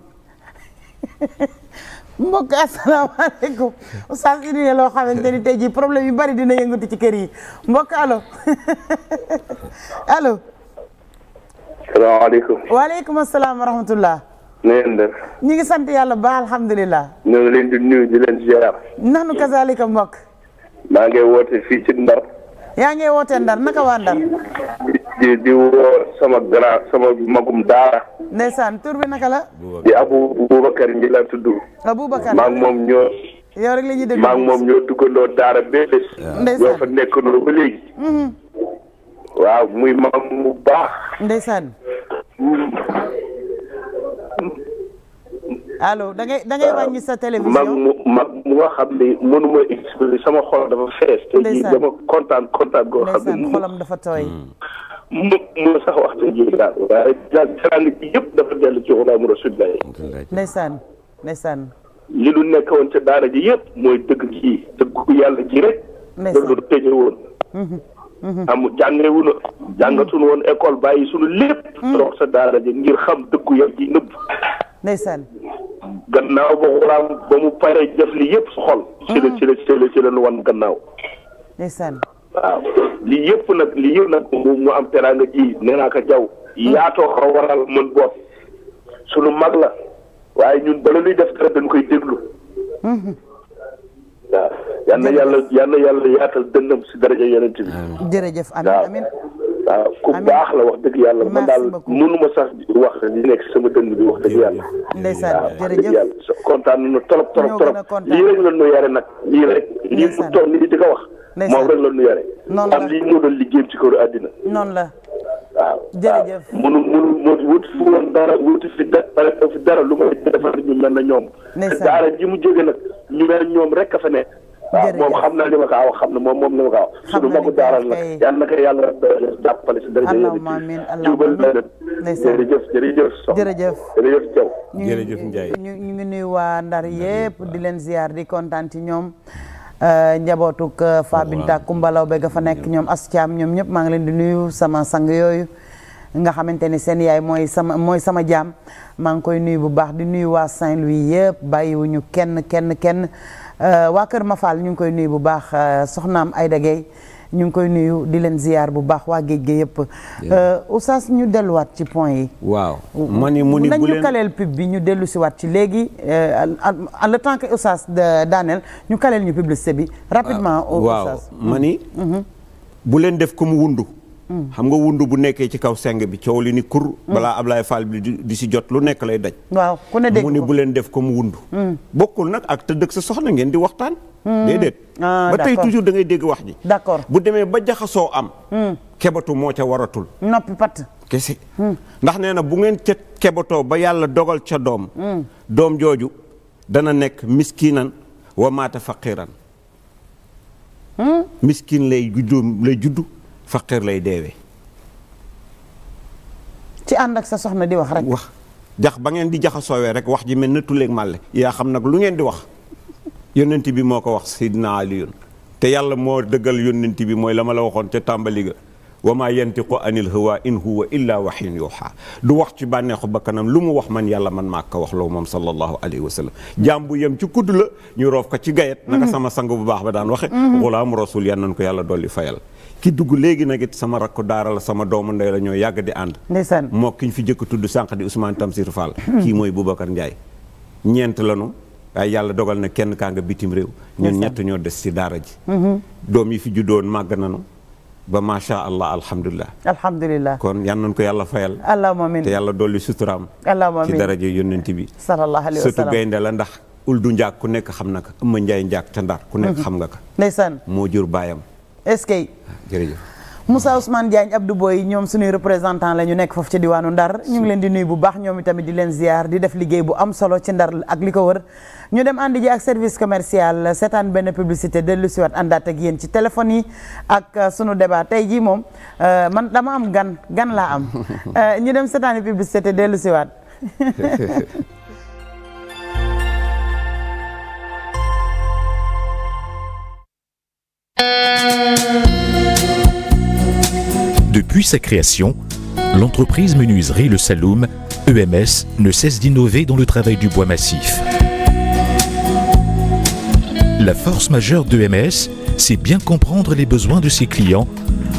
mbokk asalaamaaleykum oustaz indi ne loo xamante ni tey jii problème yu bari dina yëngatu ci kër yi mbokk allo allo salaamaaleykum waaleykum asalaam na ngeen def. ngi sant yàlla ba alhamdulilah. ñu ngi leen di nuyu di leen ziar. nax maa ngi woote fii ci Ndar. yaa ngi woote Ndar naka waa Ndar. di di woo sama grand sama magum daara. ndeysaan tur bi naka la. di Abu Boubacar ngi la tudd. Aboubacar moom ñoo. yow rek la ñuy déglu maa moom ñoo duggandoo daara bee bés. ndeysaan ñoo fa nekkandoo ba léegi. Mm-hmm. waaw muy mag mu baax. ndeysaan. Mm. allo da ngay wàññi sa télévision mag mu mag mu nga xam ni mënu ma expliquer sama xol dafa fees. te ji dama kontaan kontaan goo xam ne xolam dafa tooy. Hmm. mu mu sax wax te ji daal waaye daal saan bi yëpp dafa dellu ci xulaamu rasulillah. li lu nekk woon ca daara ji yëpp mooy dëgg ji dëggu yàlla ji rek. ndeysaan loolu tëjee woon. Mhm, mhm. am jàngewuñu jàngatuñu woon école bàyyi sunu lépp. rox hmm. sa daara ngir xam dëggu yàlla ji nëbb. ndeysaan gannaaw ba xuraam ba mu paree jëf li yëpp su xol mm-hmm. ci la ci la ci la ci la nu wan gannaaw ndeysaan waaw lii yëpp nag lii yëpp nag mu am teraanga ji nee naa ko jaw mm-hmm. yaatoo ko waral mën boot sunu mag la waaye ñun bala luy def dara dañ koy déglu mm-hmm. waaw na yàlla yal yàlla yaatal dënnam si daraja yonent bi jërëjëf amiin amiin waaw ku baax la wax dëgg yàlla man daal mënu ma sax wax li nekk sama dënn bi wax dëgg yàlla. ndeysaan jërëjëf waaw kontaan nañu trop trop trop lii rek la ñu yore nag lii rek lii mu toog nii di ko wax. moom rek la ñu yore. noonu am lii moo liggéem liggéeyam ci këru àddina. noonu la. waaw jërëjëf waaw mënu mënu wuti fu woon dara wuti fi dara lu ma defar ñu mel na ñoom. daara ji mu jóge nag ñu mel ñoom rek a fa ne waaw moom xam na li kaa wax xam na moom moom li kaa wax sunu nag jërëjëf jërëjëf jërëjëf ñu ngi nuyu waa Ndar yëpp di leen ziar di kontaan ci ñoom euh, njabootuk euh, Fabinta Kumbalaw be ga fa nekk ñoom Astiam ñoom ñëpp maa ngi leen di nuyu sama sang yooyu nga xamante ni seen yaay mooy sama mooy sama jaam maa ngi koy nuyu bu baax di nuyu waa Saint-Louis yëpp bàyyiwuñu kenn kenn kenn Euh, waa Kër Mafal ñu ngi koy nuyu bu baax euh, soxnaam Ayda Gueye ñu ngi koy nuyu di leen ziyaar bu baax waa géej gi yëpp. Euh, oustaz ñu delluwaat ci point yi. waaw ma ni mu ni bu leen nañu kaleel pub bi ñu dellu si waat ci léegi en le temps que oustaz daaneel ñu kaleel ñu publicité bi. rapidement ah, oustaz waaw ma ni. Mm-hmm. bu leen def ko mu wundu. xam nga wundu bu nekkee ci kaw seng bi coow li ni kur. balaa Ablaye Fall bi di si jot lu nekk lay daj. waaw ku ne dégg mu ni bu leen def ko mu wundu. Mm. bokkul nag ak tëdd ak sa soxna ngeen di waxtaan. Mm. déedéet. Ah, ba tey toujours da ngay dégg wax ji. d'accord bu demee ba jaxasoo am. Mm. kebatu moo ca waratul. noppi pat. kese. ndax nee na bu ngeen ca kebatoo ba yàlla dogal ca doom. doom jooju dana nekk miskinan wa maata faqiran. miskin lay juddu lay juddu. faqir lay deewee. ci ànd ak sa soxna di wax rek. wax jax ba ngeen di jaxasoowee rek wax ji mel na tulleeg màlle yaa xam nag lu ngeen di wax yonent bi moo ko wax Seydina Aliyun te yàlla moo dëggal yonent bi mooy la ma la waxoon ca tàmbali ga wa maa yantiqu anil hawa in huwa illa waxyun yuuxa du wax ci bànneexu ba kanam lu mu wax man yàlla man maa ko wax loo moom sallallahu alayhi wa sallam jaam bu yem ci kudd la ñu roof ko ci gayet mhm. naka sama sang bu baax ba daan waxe mhm. xulaamu rasul yan nañ ko yàlla dolli fayal ki dugg léegi nag it sama rakk daara la sama doomu ndey la ñoo yàgg di ànd ndeysaan moo ki fi jëkk tudd sànq di Ousmane Tamsir Fall mhm. kii mooy Boubacar njaay ñeent lanu waaye yàlla dogal na kenn kaa nga bitim réew ñun ñett ñoo des ci daara ji doom yi ba macha allah alhamdulilah. alhamdulilah kon yan nañu ko yàlla fayal. allahumma amiin te yàlla dolli suturaam. allahumma amiin ci daraja yonent bi. sallallahu alayhi wa sallam surtout gaynde la ndax. uldu njaak ku nekk xam na ko ëmma njaay njaak ca ndar ku nekk mhm. xam nga ko. ndeysaan moo jur baayam. est-ce que. Ah, jërëjëf. Moussa Ousmane Diagne Abdou Boy ñoom suñuy représentant la ñu nekk foofu ci diwaanu Ndar ñu ngi leen di nuyu bu baax ñoom itamit di leen ziar di def liggéey bu am solo ci Ndar ak li ko wër ñu dem ànd ji ak service commercial seetaan benn publicité dellu siwaat waat àndaat ak yéen ci téléphone yi ak euh, sunu débat tey jii moom euh, man dama am gan gan laa am euh, ñu dem seetaani publicité dellu si waat Depuis sa création, l'entreprise menuiserie Le Saloum, EMS, ne cesse d'innover dans le travail du bois massif. La force majeure d'EMS, e c'est bien comprendre les besoins de ses clients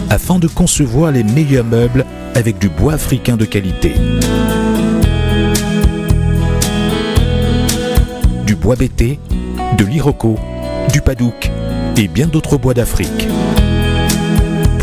afin de concevoir les meilleurs meubles avec du bois africain de qualité. Du bois bété, de l'iroko, du padouk et bien d'autres bois d'Afrique.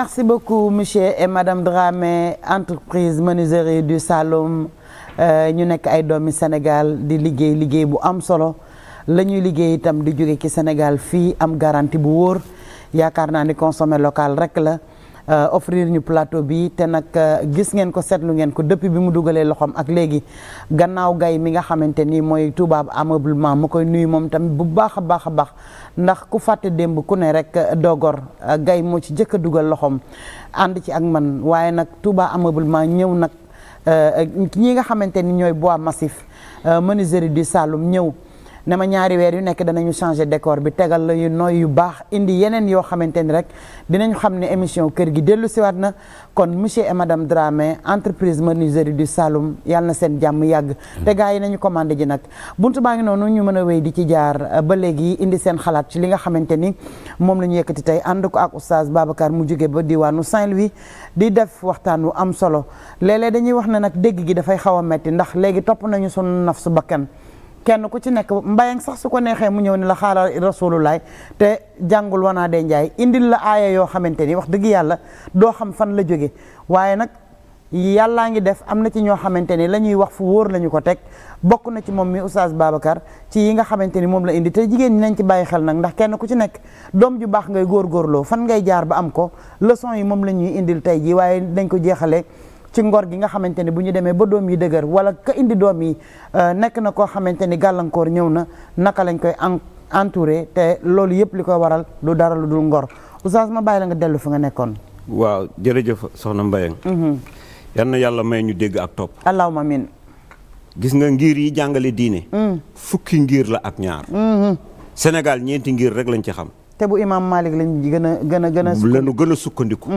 merci beaucoup monsieur et madame Dramé entreprise menuiserie du Saloum euh, ñu nekk ay doomi Sénégal di liggéey liggéey bu am solo la ñuy liggéey itam di jóge ci Sénégal fii am garanti bu wóor yaakaar naa ni consommer local rek la. Euh, offrir ñu plateau bi te nag euh, gis ngeen ko seetlu ngeen ko depuis bi mu dugalee loxoom ak léegi gannaaw gay mi nga xamante ni mooy tubaab ameublement mu koy nuyu moom tamit bu baax a baax a baax ndax ku fàtte démb ku ne rek euh, dogor gay moo ci jëkk a dugal loxoom ànd ci ak man waaye nag Touba ameublement ñëw nag ñi nga xamante ni ñooy bu bois massif menuiserie di Saloum ñëw. ne ma ñaari weer yu nekk danañu changer décor bi tegal la yu nooy yu baax indi yeneen yoo xamante ni rek dinañu xam ne émission kër gi dellu siwaat na kon monsieur et madame Dramé entreprise menuiserie du Saloum yàlla na seen jàmm yàgg te gars yi nañu commandé ji nag bunt baa ngi noonu ñu mën a wéy di ci jaar euh, ba léegi indi seen xalaat ci li nga xamante ni moom la ñu yëkkati tey ànd ko ak oustaz Babacar mu jóge ba diwaanu saint wi di def waxtaan wu am solo léeg dañuy wax ne nag dégg gi dafay xaw a metti ndax léegi topp nañu sunu naf su bakkan kenn ku ci nekk mbayang sax su ko neexee mu ñëw ni la xaaral rasulullah te jàngul wanaa de njaay indil la aaya yoo xamante ni wax dëgg yàlla doo xam fan la jóge waaye nag yàllaa ngi def am na ci ñoo xamante ni la ñuy wax fu wóor la ko teg bokk na ci moom mi oustaz Babacar ci yi nga xamante ni moom la indi te jigéen ñi nañ ci bàyyi xel nag ndax kenn ku ci nekk doom ju baax ngay góorloo fan ngay jaar ba am ko leçon yi moom la ñuy indil tey ji waaye dañ ko jeexalee ci ngor gi nga xamante ni bu ñu demee ba doom yi dëgër wala ka indi doom yi euh, nekk na koo xamante ni gàllankoor ñëw na naka lañ koy entouré te loolu yëpp li koy waral du dara lu dul ngor oustaz ma bàyyi la nga dellu fi nga nekkoon. waaw jërëjëf soxna Mbayang. Mhm. yal na yàlla may ñu dégg ak topp. allahumma amiin. gis nga ngir yi jàngale diine. Mm. fukki ngiir la ak ñaar. Mhm. Sénégal ñeenti ngir rek lañ ci xam. te bu imaam Malik lañ gën a gën gën a. lañu sukkandiku.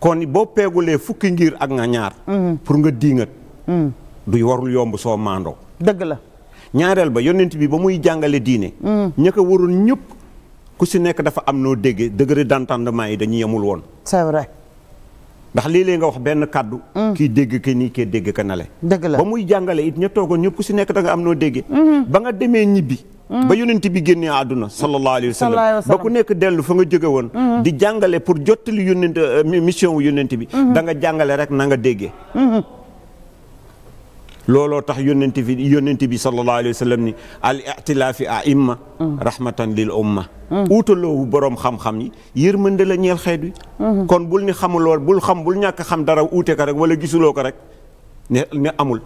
kon boo peegulee fukki ngiir ak nga ñaar. Mm-hmm. pour nga diingat. Mm-hmm. du warul yomb soo maandoo. dëgg la. ñaareel ba yonent bi ba muy jàngale diine. Mm. ña ko waroon ñëpp ku si nekk dafa am noo déggee degré d'entendement yi dañu yemul woon. c'est ndax léeg-léeg nga wax benn kàddu mm. kii dégg ke nii kii dégg ke nale dëgg la ba muy jàngale it ña toogoon ñëpp ku si nekk danga am noo déggee. Mm-hmm. ba nga demee ñibbi. ba yonent bi génnee àdduna sallallahu alayhi wa sallam ba ku nekk dellu fa nga jóge woon mm-hmm. di jàngale pour jottali yonent euh, mission wu yonent bi mm-hmm. da nga jàngale rek na nga déggee mm-hmm. looloo tax yonent bi yonent bi sallallahu alayhi wa sallam ni al ixtilaafi aimma rahmatan lil umma uutaloowu boroom xam-xam yi yërmande la ñeel xeet wi kon bul ni xamuloo bul xam bul ñàkk xam dara uute ko rek wala gisuloo ko rek ne amul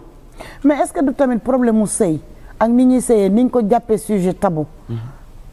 mais est tamit problème mu sëy ak ni ñuy seyee ni ko jàppee sujet tabu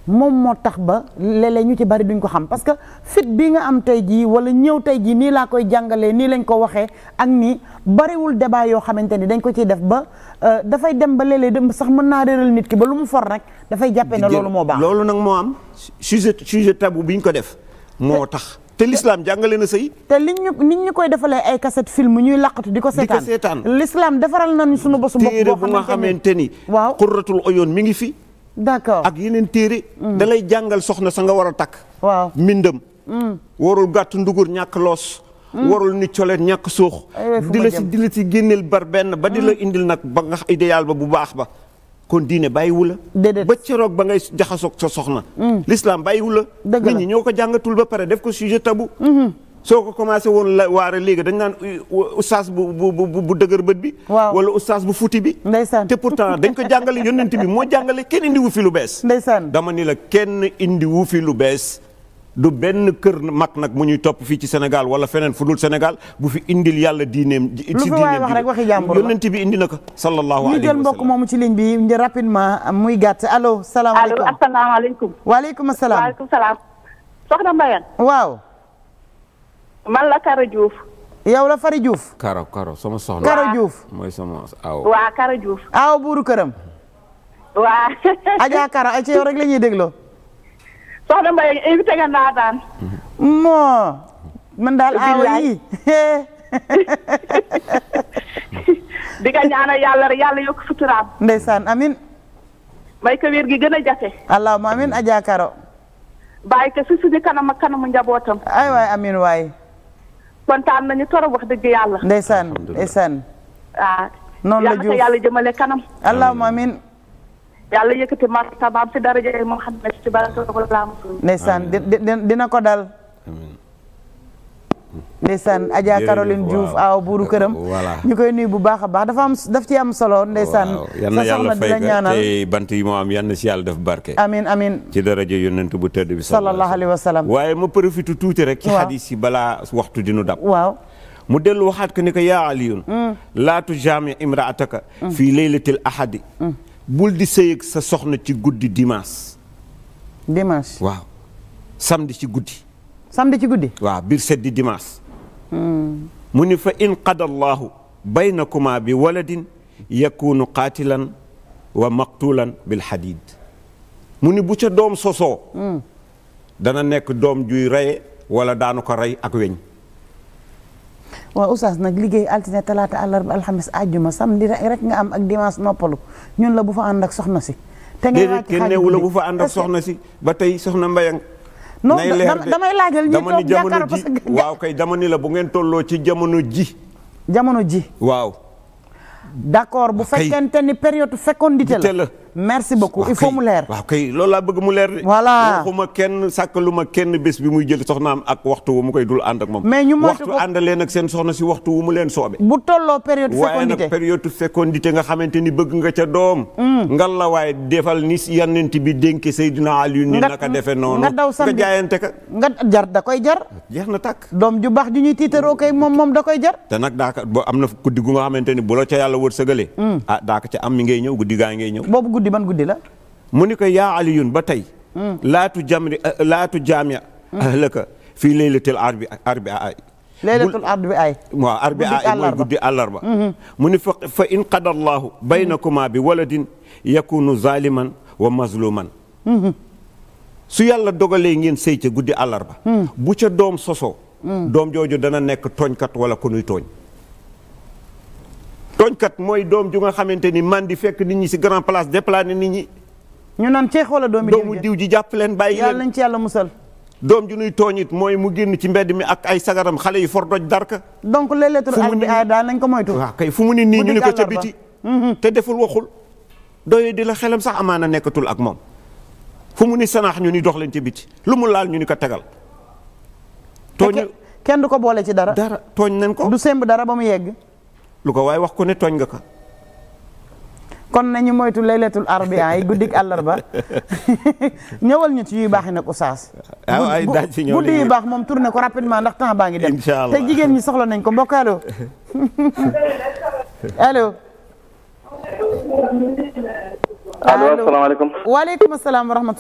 moom moo tax ba léeg ñu ci bari duñ ko xam parce que fit bi nga am tey jii wala ñëw tey jii nii laa koy jàngalee nii lañ ko waxee ak nii bariwul débat yoo xamante ni dañ ko ciy def ba euh, dafay dem ba léeg-léeg sax mën naa réeral nit ki ba lu mu for rek dafay jàppee na loolu moo baax loolu nag moo am sujet sujet tabu bi ñu ko def moo tax te l'islam jàngale na sëy te liñ nit ñi koy defalee ay cassette film ñuy laqatu di ko seetaan di ko seetaan l'islam defaral suñu bosu bopp téere bu nga xamante ni waaw qurratul uyun mi ngi fi d'accord ak yeneen téere mm. da jàngal soxna sa nga war a takk waaw mindam mm. warul gàtt ndugur ñàkk loos mm. warul ni coleet ñàkk suux di la si di la si génneel bar benn ba di la indil nag ba nga idéal ba bu baax ba kon diine bàyyiwu la. déedéet ba ceroog ba ngay jaxasoog sa soxna. Mm. l'islam bàyyiwu la. dëgg la nit ñi ñoo ko jàngatul ba pare def ko sujet tabou. Mm-hmm. soo ko commencé woon la waare léegi dañ naan oustaz bu bu bu dëgër bët bi. waaw wala oustaz bu futi bi. ndeysaan te pourtant dañ ko jàngale yonent bi moo jàngale kenn indi wu fi lu bees. ndeysaan dama ni la kenn indi fi lu bees. du benn kër mag nag mu ñuy topp fii ci senegal wala feneen fu dul Sénégal bu fi indil yàlla diineem. ci diineem lu wax rek waxi jàmbur la yonent bi indi na ko. sallallahu alayhi wa sallam ñu jël mbokk moomu ci ligne bi ñu rapidement muy gàtt allo. salaamaaleykum allo asalaamaaleykum. waaleykum salaam waaleykum salaam. soxna Mbayang. waaw. man la Kara Diouf. la Fari Diouf. Karo Karo sama soxna. Karo Diouf mooy sama buuru këram. waa. Adja Kara ay ci yow rek la ñuy dégloo. soxna Mbaye invité nga naataan. moo man daal awa yi di nga ñaanal yàlla rek yàlla yokk amin may ko wér gi gën a jafe. allahumma amin Adja Karo. bàyyi ko si suñu kanam ak kanamu njabootam. ay waay amin waay. kontaan nañu torop wax dëgg yàlla. ndeysaan ndeysaan. ah noonu la Diouf yàlla jëmale kanam. allahumma amin yàlla yëkkati martabaam si daraja Muhammad si barke laa musul ndeysaan dina ko dal ndeysaan Adja Caroline Diouf aaw buuru këram ñu koy nuyu bu baax a baax dafa am daf ci am solo ndeysaan yan na yàlla fay ñaanal te bant yi moo am yan na si yàlla def barke amin amin ci daraja yonent bu tëdd bi sallallahu alayhi wa sallam waaye ma profité tuuti rek ci xadis yi balaa waxtu dinu dab waaw mu dellu waxaat ko ni yaa aliyun mm. laatu jaami imraataka mm. fii laylatil ahadi mm. bul di sëy sa soxna ci guddi dimanche. dimanche waaw samedi ci guddi. samedi ci guddi. waaw biir seddi dimanche. Hmm. mu ni fa in qadallaahu baynakuma bi waladin yakunu qaatilan wa maqtulan bil xadiid mu ni bu ca doom sosoo. Hmm. dana nekk doom juy reye wala daanu ko rey ak weñ. waaw oustaz nag liggéey altine talaata àllarba alxames àjjuma samedi rek nga am ak dimanche noppalu ñun la bu fa ànd ak soxna si. te ngay wàcc xaaju la bu fa ànd ak soxna si ba tey soxna Mbayang. nay leer de damay laajal ñi toog jàkkaarloo parce que waaw kay dama la bu ngeen tolloo ci jamono ji. jamono ji waaw. d'accord bu fekkente ni période fécondité la. merci beaucoup il faut mu leer. waaw kay loolu laa bëgg mu leer de. voilà waxuma kenn sàkkaluma kenn bés bi muy jël soxnaam ak waxtu wu mu koy dul ànd ak moom. mais ñu moytu ko waxtu àndaleen ak seen soxna si waxtu wu mu leen soobe. bu tolloo période fécondité waaye nag période fécondité nga xamante ni bëgg nga ca doom. Mm. ngal la waaye defal ni yonent bi dénke Seydina Aliou. ni naka defee noonu nga daw sànni nga jaayante ka. nga jar da koy jar. jeex na tàkk. doom ju baax ju ñuy tiitaroo kay moom moom da koy jar. te nag daaka boo am na guddi gu nga xamante ni bu la ca yàlla wërsëgalee. Mm. ah daaka ca am mi ngay ñëw guddi gaa ngay ñëw guddi ban guddi mu ni ko yaa aliyun ba tey hmm. laatu jamri eh, laatu jaami ahlaka fii laylatil arbi arbi ay laylatul arbi ay waaw arbi ay mooy guddi àllarba hmm. mu ni fa fa in qada allahu baynakuma bi waladin yakunu zaliman wa mazluman hmm. su yàlla dogalee ngeen sëy guddi àllarba bu ca doom sosoo doom jooju dana nekk tooñkat wala ku nuy tooñ tooñ kat mooy doom ju nga xamante ni man di fekk nit ñi si grand place déplané nit ñi. ñu naan cee doom doomu diw diw ji jàpp leen bàyyi leen yàlla nañ ci yàlla musal. doom ju nuy tooñ it mooy mu génn ci mbedd mi ak ay sagaram xale yi for doj darka. donc léeg-léeg bi ay daal nañ ko moytu. waaw kay fu mu ni nii ñu ni ko ca biti. Mhm. te deful waxul. doyee di la xelam sax amaana nekkatul ak moom fu mu ni sanaax ñu ni dox leen ca biti lu mu laal ñu ni ko tegal. tooñ kenn du ko boole ci dara. dara tooñ nañ ko. du semb dara ba mu yegg. lu ko waaye wax ko ne tooñ nga ko. kon nañu moytu laylatul arbia yi guddik àllarba ñëwal ñu ci yuy baax yi nag oustaz ah, guddi yu baax moom tourné ko rapidement ndax temps baa ngi dem te jigéen ñi soxla nañ ko mbokk allo allo allo asalaamaaleykum waaleykum asalaam wa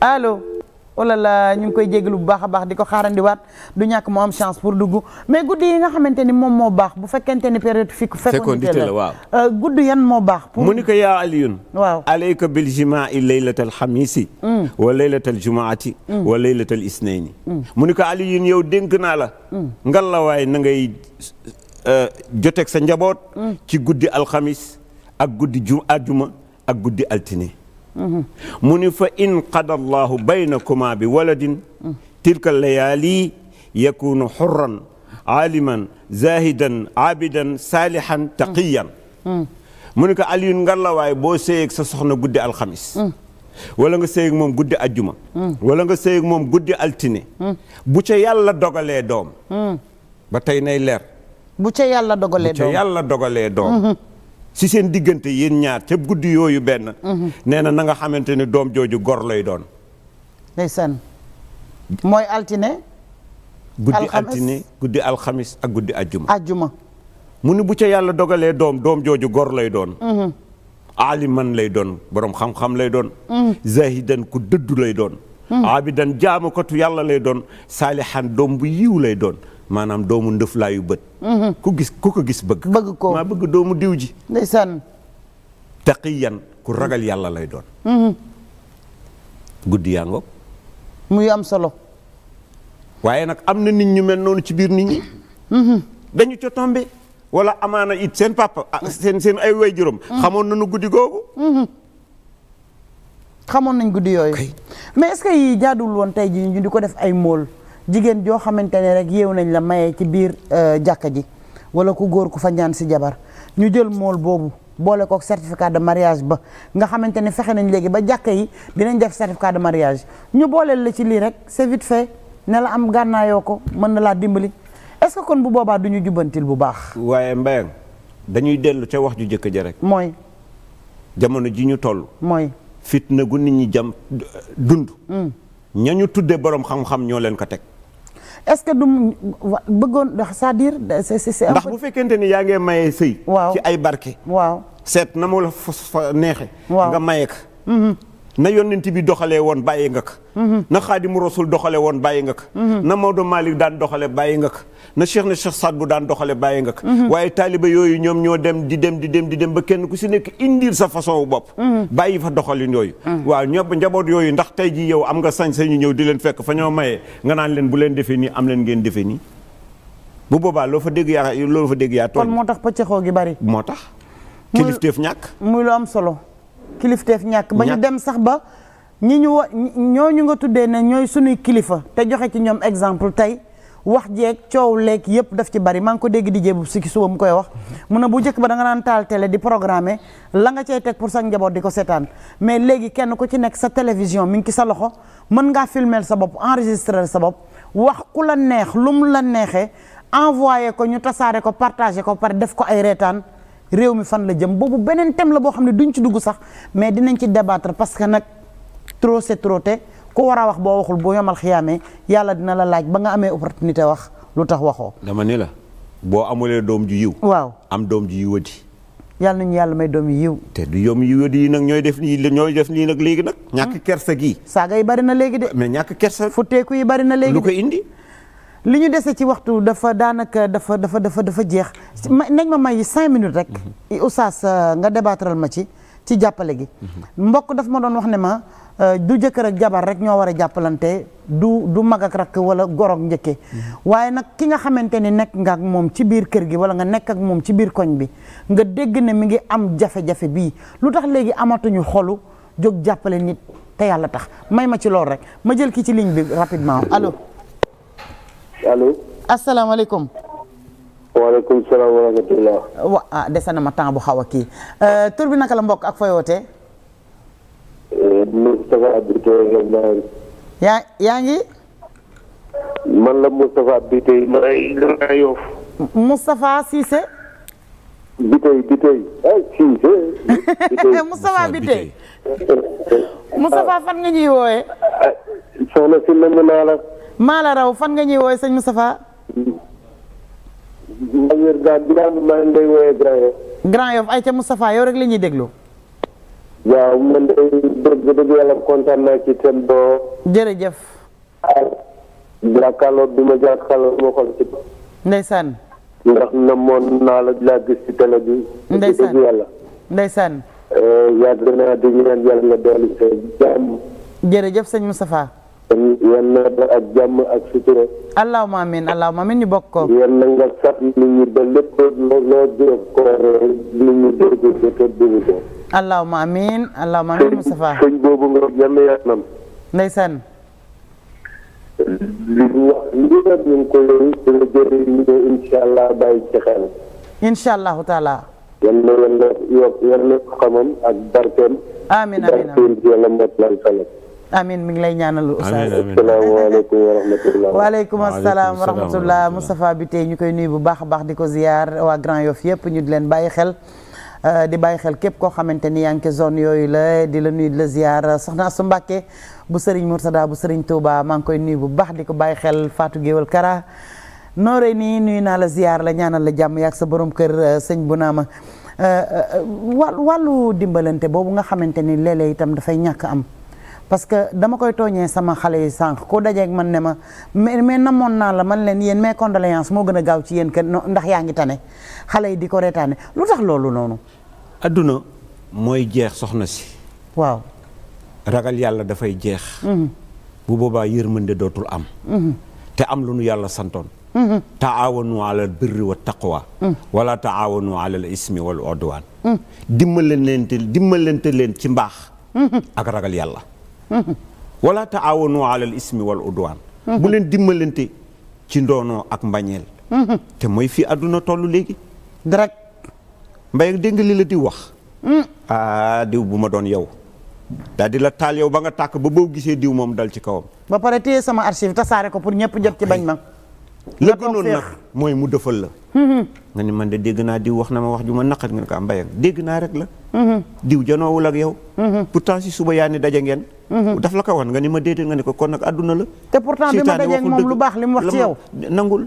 allo oh là là ñu ngi koy jégalu bu baax a baax di ko xaarandiwaat du ñàkk moo am chance pour dugg mais guddi yi nga xamante ni moom moo baax bu fekkente ni période fi fécondité la waaw euh, gudd yan moo baax pour mu ni ko yaa aliyun waaw alayka bil jimaa'i laylatal xamisi mm. wa laylatal jumaati mm. wa laylatal isnayni mm. mu ni ko aliyun yow dénk naa la ngal la waay na ngay euh, joteeg sa njaboot ci guddi alxamis ak guddi ju àjjuma ak guddi altine mu ni fa in qada allahu baynakuma bi waladin tilka layaali yakunu xurran aaliman zahidan aabidan saalihan taqiyan mu ni ko aliyun ngar la waay boo séyeeg sa soxna guddi alxamis wala nga séyeeg moom guddi ajjuma wala nga séyeeg moom guddi altine bu ca yàlla dogalee doom hmm. ba tey nay leer bu ca yàlla dogalee doom bu ca yàlla dogalee doom hmm. si seen diggante yéen ñaar ca guddi yooyu benn. Mhm. nee na nanga nga xamante ni doom jooju gor lay doon. ndeysaan mooy altine. guddi guddi alxamis ak guddi ajjuma. ajjuma. mu ni bu ca yàlla dogalee doom doom jooju gor lay doon. Mhm. aliman lay doon borom xam-xam lay doon. Mhm. zahidan ku dëddu lay doon. abidan jaamukatu yàlla lay doon. saalihan doom bu yiw lay doon. maanaam doomu ndëf yu bët. Mhm. ku gis ku ko gis bëgg. bëgg ko maa bëgg doomu diw ji. ndeysaan. taqiyan ku ragal yàlla lay doon. Mhm. guddi yaa ngoog. muy am solo. waaye nag am na nit ñu mel noonu ci biir nit ñi. Mhm. dañu ca tombe wala amaana it seen papa ah, seen seen ay way juróom. xamoon nañu guddi googu. xamoon nañ guddi yooyu. mais est-ce yi jaaduwul woon tey jii ñu di ko def ay mool. jigéen joo xamante ne rek yeew nañ la maye ci biir euh, jàkka ji wala ku góor ku fa ñaan si jabar ñu jël mool boobu boole kook certificat de mariage ba nga xamante ne fexe nañ léegi ba jàkk yi dinañ def certificat de mariage ñu booleel la ci lii rek c'est vite fait ne la am gànnaayoo ko mën na laa dimbali est que kon bu boobaa du ñu jubantil bu baax. waaye Mbayang dañuy dellu ca wax ju jëkk ja rek. mooy. jamono ji ñu toll. mooy. fitna gu nit ñi jam dund. Mm. ñañu tudde boroom xam ñoo leen ko teg. est-ce que du bëggoon c'est-à-dire c'est ndax bu fekkente ni yaa ngi mayee sëy. waaw ay barke. waaw seet na mu la fa neexe nga maye ko. Mm-hmm. na yonent bi doxalee woon bàyyi nga ko na xaadimu rosul doxalee woon bàyyi nga ko na Maodo daan doxale bàyyi nga ko na Cheikh na Cheikh Saad bu daan doxale bàyyi nga ko waaye taaliba yooyu ñoom ñoo dem di dem di dem di dem ba kenn ku si nekk indir sa façon bopp bàyyi fa doxalin yooyu waaw ñëpp njaboot yooyu ndax tey ji yow am nga sañ-sañu ñëw di leen fekk fa ñoo mayee nga naan leen bu leen defee nii am leen ngeen defee nii bu boobaa loo fa dégg yaa loo fa dégg moo tax pëccëxoo gi bari moo tax kilifteef ñàkk muy lu am solo kilifteef ñàkk ba ñu dem sax ba ñi ñu wa ñu nga tuddee ne ñooy sunuy kilifa te joxe ci ñoom exemple tey wax jeeg coow leeg yëpp daf ci bari maa ngi ko dégg di jébu siki suba mu koy wax mu ne bu njëkk ba da nga naan taal di programmer la nga cay teg pour sa njaboot di ko seetaan mais léegi kenn ku ci nekk sa télévision mi ngi ci sa loxo mën ngaa filmer sa bopp enregistrer sa bopp wax ku la neex lu mu la neexee envoyé ko ñu tasaare ko partagé ko pare def ko ay reetaan réew mi fan la jëm boobu beneen thème la boo xam ne duñ ci dugg sax mais dinañ ci débattre parce que nag trop c'est trop te war a wax boo waxul boo yomal xiyaamee yàlla dina la laaj ba nga amee opportunité wax lu tax waxoo. dama ni la boo amulee doom ju yiw. waaw am doom ju yiwati. yàlla nañu yàlla may doom yi yiw. te du yom yiwati yi nag ñooy def nii ñooy def nii nag léegi nag. ñàkk hmm. kersa gi. saaga yi bari na léegi de. mais ñàkk kersa. futteeku yi bari na léegi lu ko indi. li ñu dese ci waxtu dafa daanaka dafa dafa dafa dafa jeex nañ ma may cinq minutes rek mhm. oustaz euh, nga débattral ma ci ci jàppale gi mhm. mbokk daf ma doon wax ne ma euh, du jëkkër ak jabar rek ñoo war a jàppalante du du mag ak rakk wala gorog njëkke mhm. waaye nag ki nga xamante ni nekk nga ak moom ci biir kër gi wala nga nekk ak moom ci biir koñ bi nga dégg ne mi ngi am jafe-jafe bii lu tax léegi amatuñu xolu jóg jàppale nit te yàlla tax may ma ci lool rek ma jël ki ci ligne bi rapidement allo. asalaamaaleykum. waaleykum salaam wa wa ah dese ma temps bu xaw a kii euh, tur naka la mbokk ak fooy wootee. Euh, Moustapha Abité yaa yaa ngi. man la Moustapha Abité maay maa Yoff. Moustapha Cissé. Bitey Bitey ay Cissé. Moustapha Bitey Moustapha fan nga ñuy wooyee. Ah, soxna si nangu naa la. maa la raw fan nga ñuy wooye sëñ Moustapha. Grand yow rek la ñuy déglu. waaw man de dëgg dëgg yàlla kontaan naa ci thème boo. jërëjëf. jàkkaarloo bi ma ndax na moon naa la laa gis ci télé bi. ndeysaan dëgg yàlla. ndeysaan. Eh, yàgg naa yal na ak jàmm ak sutura. allahumma amiin allahumma amiin ñu bokk ko. yal na nga boobu nga yal na yaatam. ndeysaan. li ñu wax lii nag ñu ngi bàyyi ci xel. incha taala. yal na yal na yokk yal na xamam ak barkeem. amiin amiin barkeem yàlla mot amin mi ngi lay ñaanal oustaz salaamaaleykum wa rahmatullah waaleykum asalaam wa bi tey ñu koy nuy bu baax a baax di ko ziyaar waa Grand Yoff yëpp ñu di leen bàyyi xel euh, di bàyyi xel képp koo xamante ni yaa ngi zone yooyu la di la nuyu la ziyaar soxna su mbàkkee bu sëriñ Murtada bu sëriñ Touba maa ngi koy nuyu bu baax di ko bàyyi xel faatu Géwal Kara nooree nii nuyu naa la ziyaar la ñaanal la jàmm yaag sa borom kër euh, sëñ bu naa ma euh, wàllu dimbalante boobu nga xamante ni léeg dafay ñàkk am parce que dama koy tooñee sama xale yi sànq ko dajeeg man ne ma mais namoon naa la man leen yéen mes condoléances moo gën a gaaw ci yéen que ndax yaa ngi tane xale yi di ko reetaane lu tax loolu noonu. adduna mooy jeex soxna si. waaw. ragal yàlla dafay jeex. Mm-hmm. bu boobaa yërmande dootul am. Mm-hmm. te am lu nu yàlla santoon. Mm-hmm. taawanu alal birri wa taqwa mm. wala taawanu alal ismi wal odwaan mm. dimbalante leen ci mbaax. ak ragal yàlla. wala taawanu alal ismi wal udwaan bu leen dimbalante ci ndoono ak mbañeel te mooy fii àdduna toll léegi direct mbay ak li la di wax ah diw bu ma doon yow daal di la taal yow ba nga tàkk ba boo gisee diw moom dal ci kawam ba pare téye sama archive tasaare ko pour ñëpp jot ci ah, bañ ma la gënoon nag mooy mu defal la mm-hmm. nga ni man de dégg naa diw wax na ma wax ju ma naqat nga ne ko am mbayang dégg naa rek la mm-hmm. diw janoowul ak yow mm-hmm. pourtant si suba yaa ni daje ngeen daf la ko wan nga ni ma déedéet nga ne ko kon nag àdduna la te pourtant bi ma dajeeg moom lu baax li mu wax ci yow nangul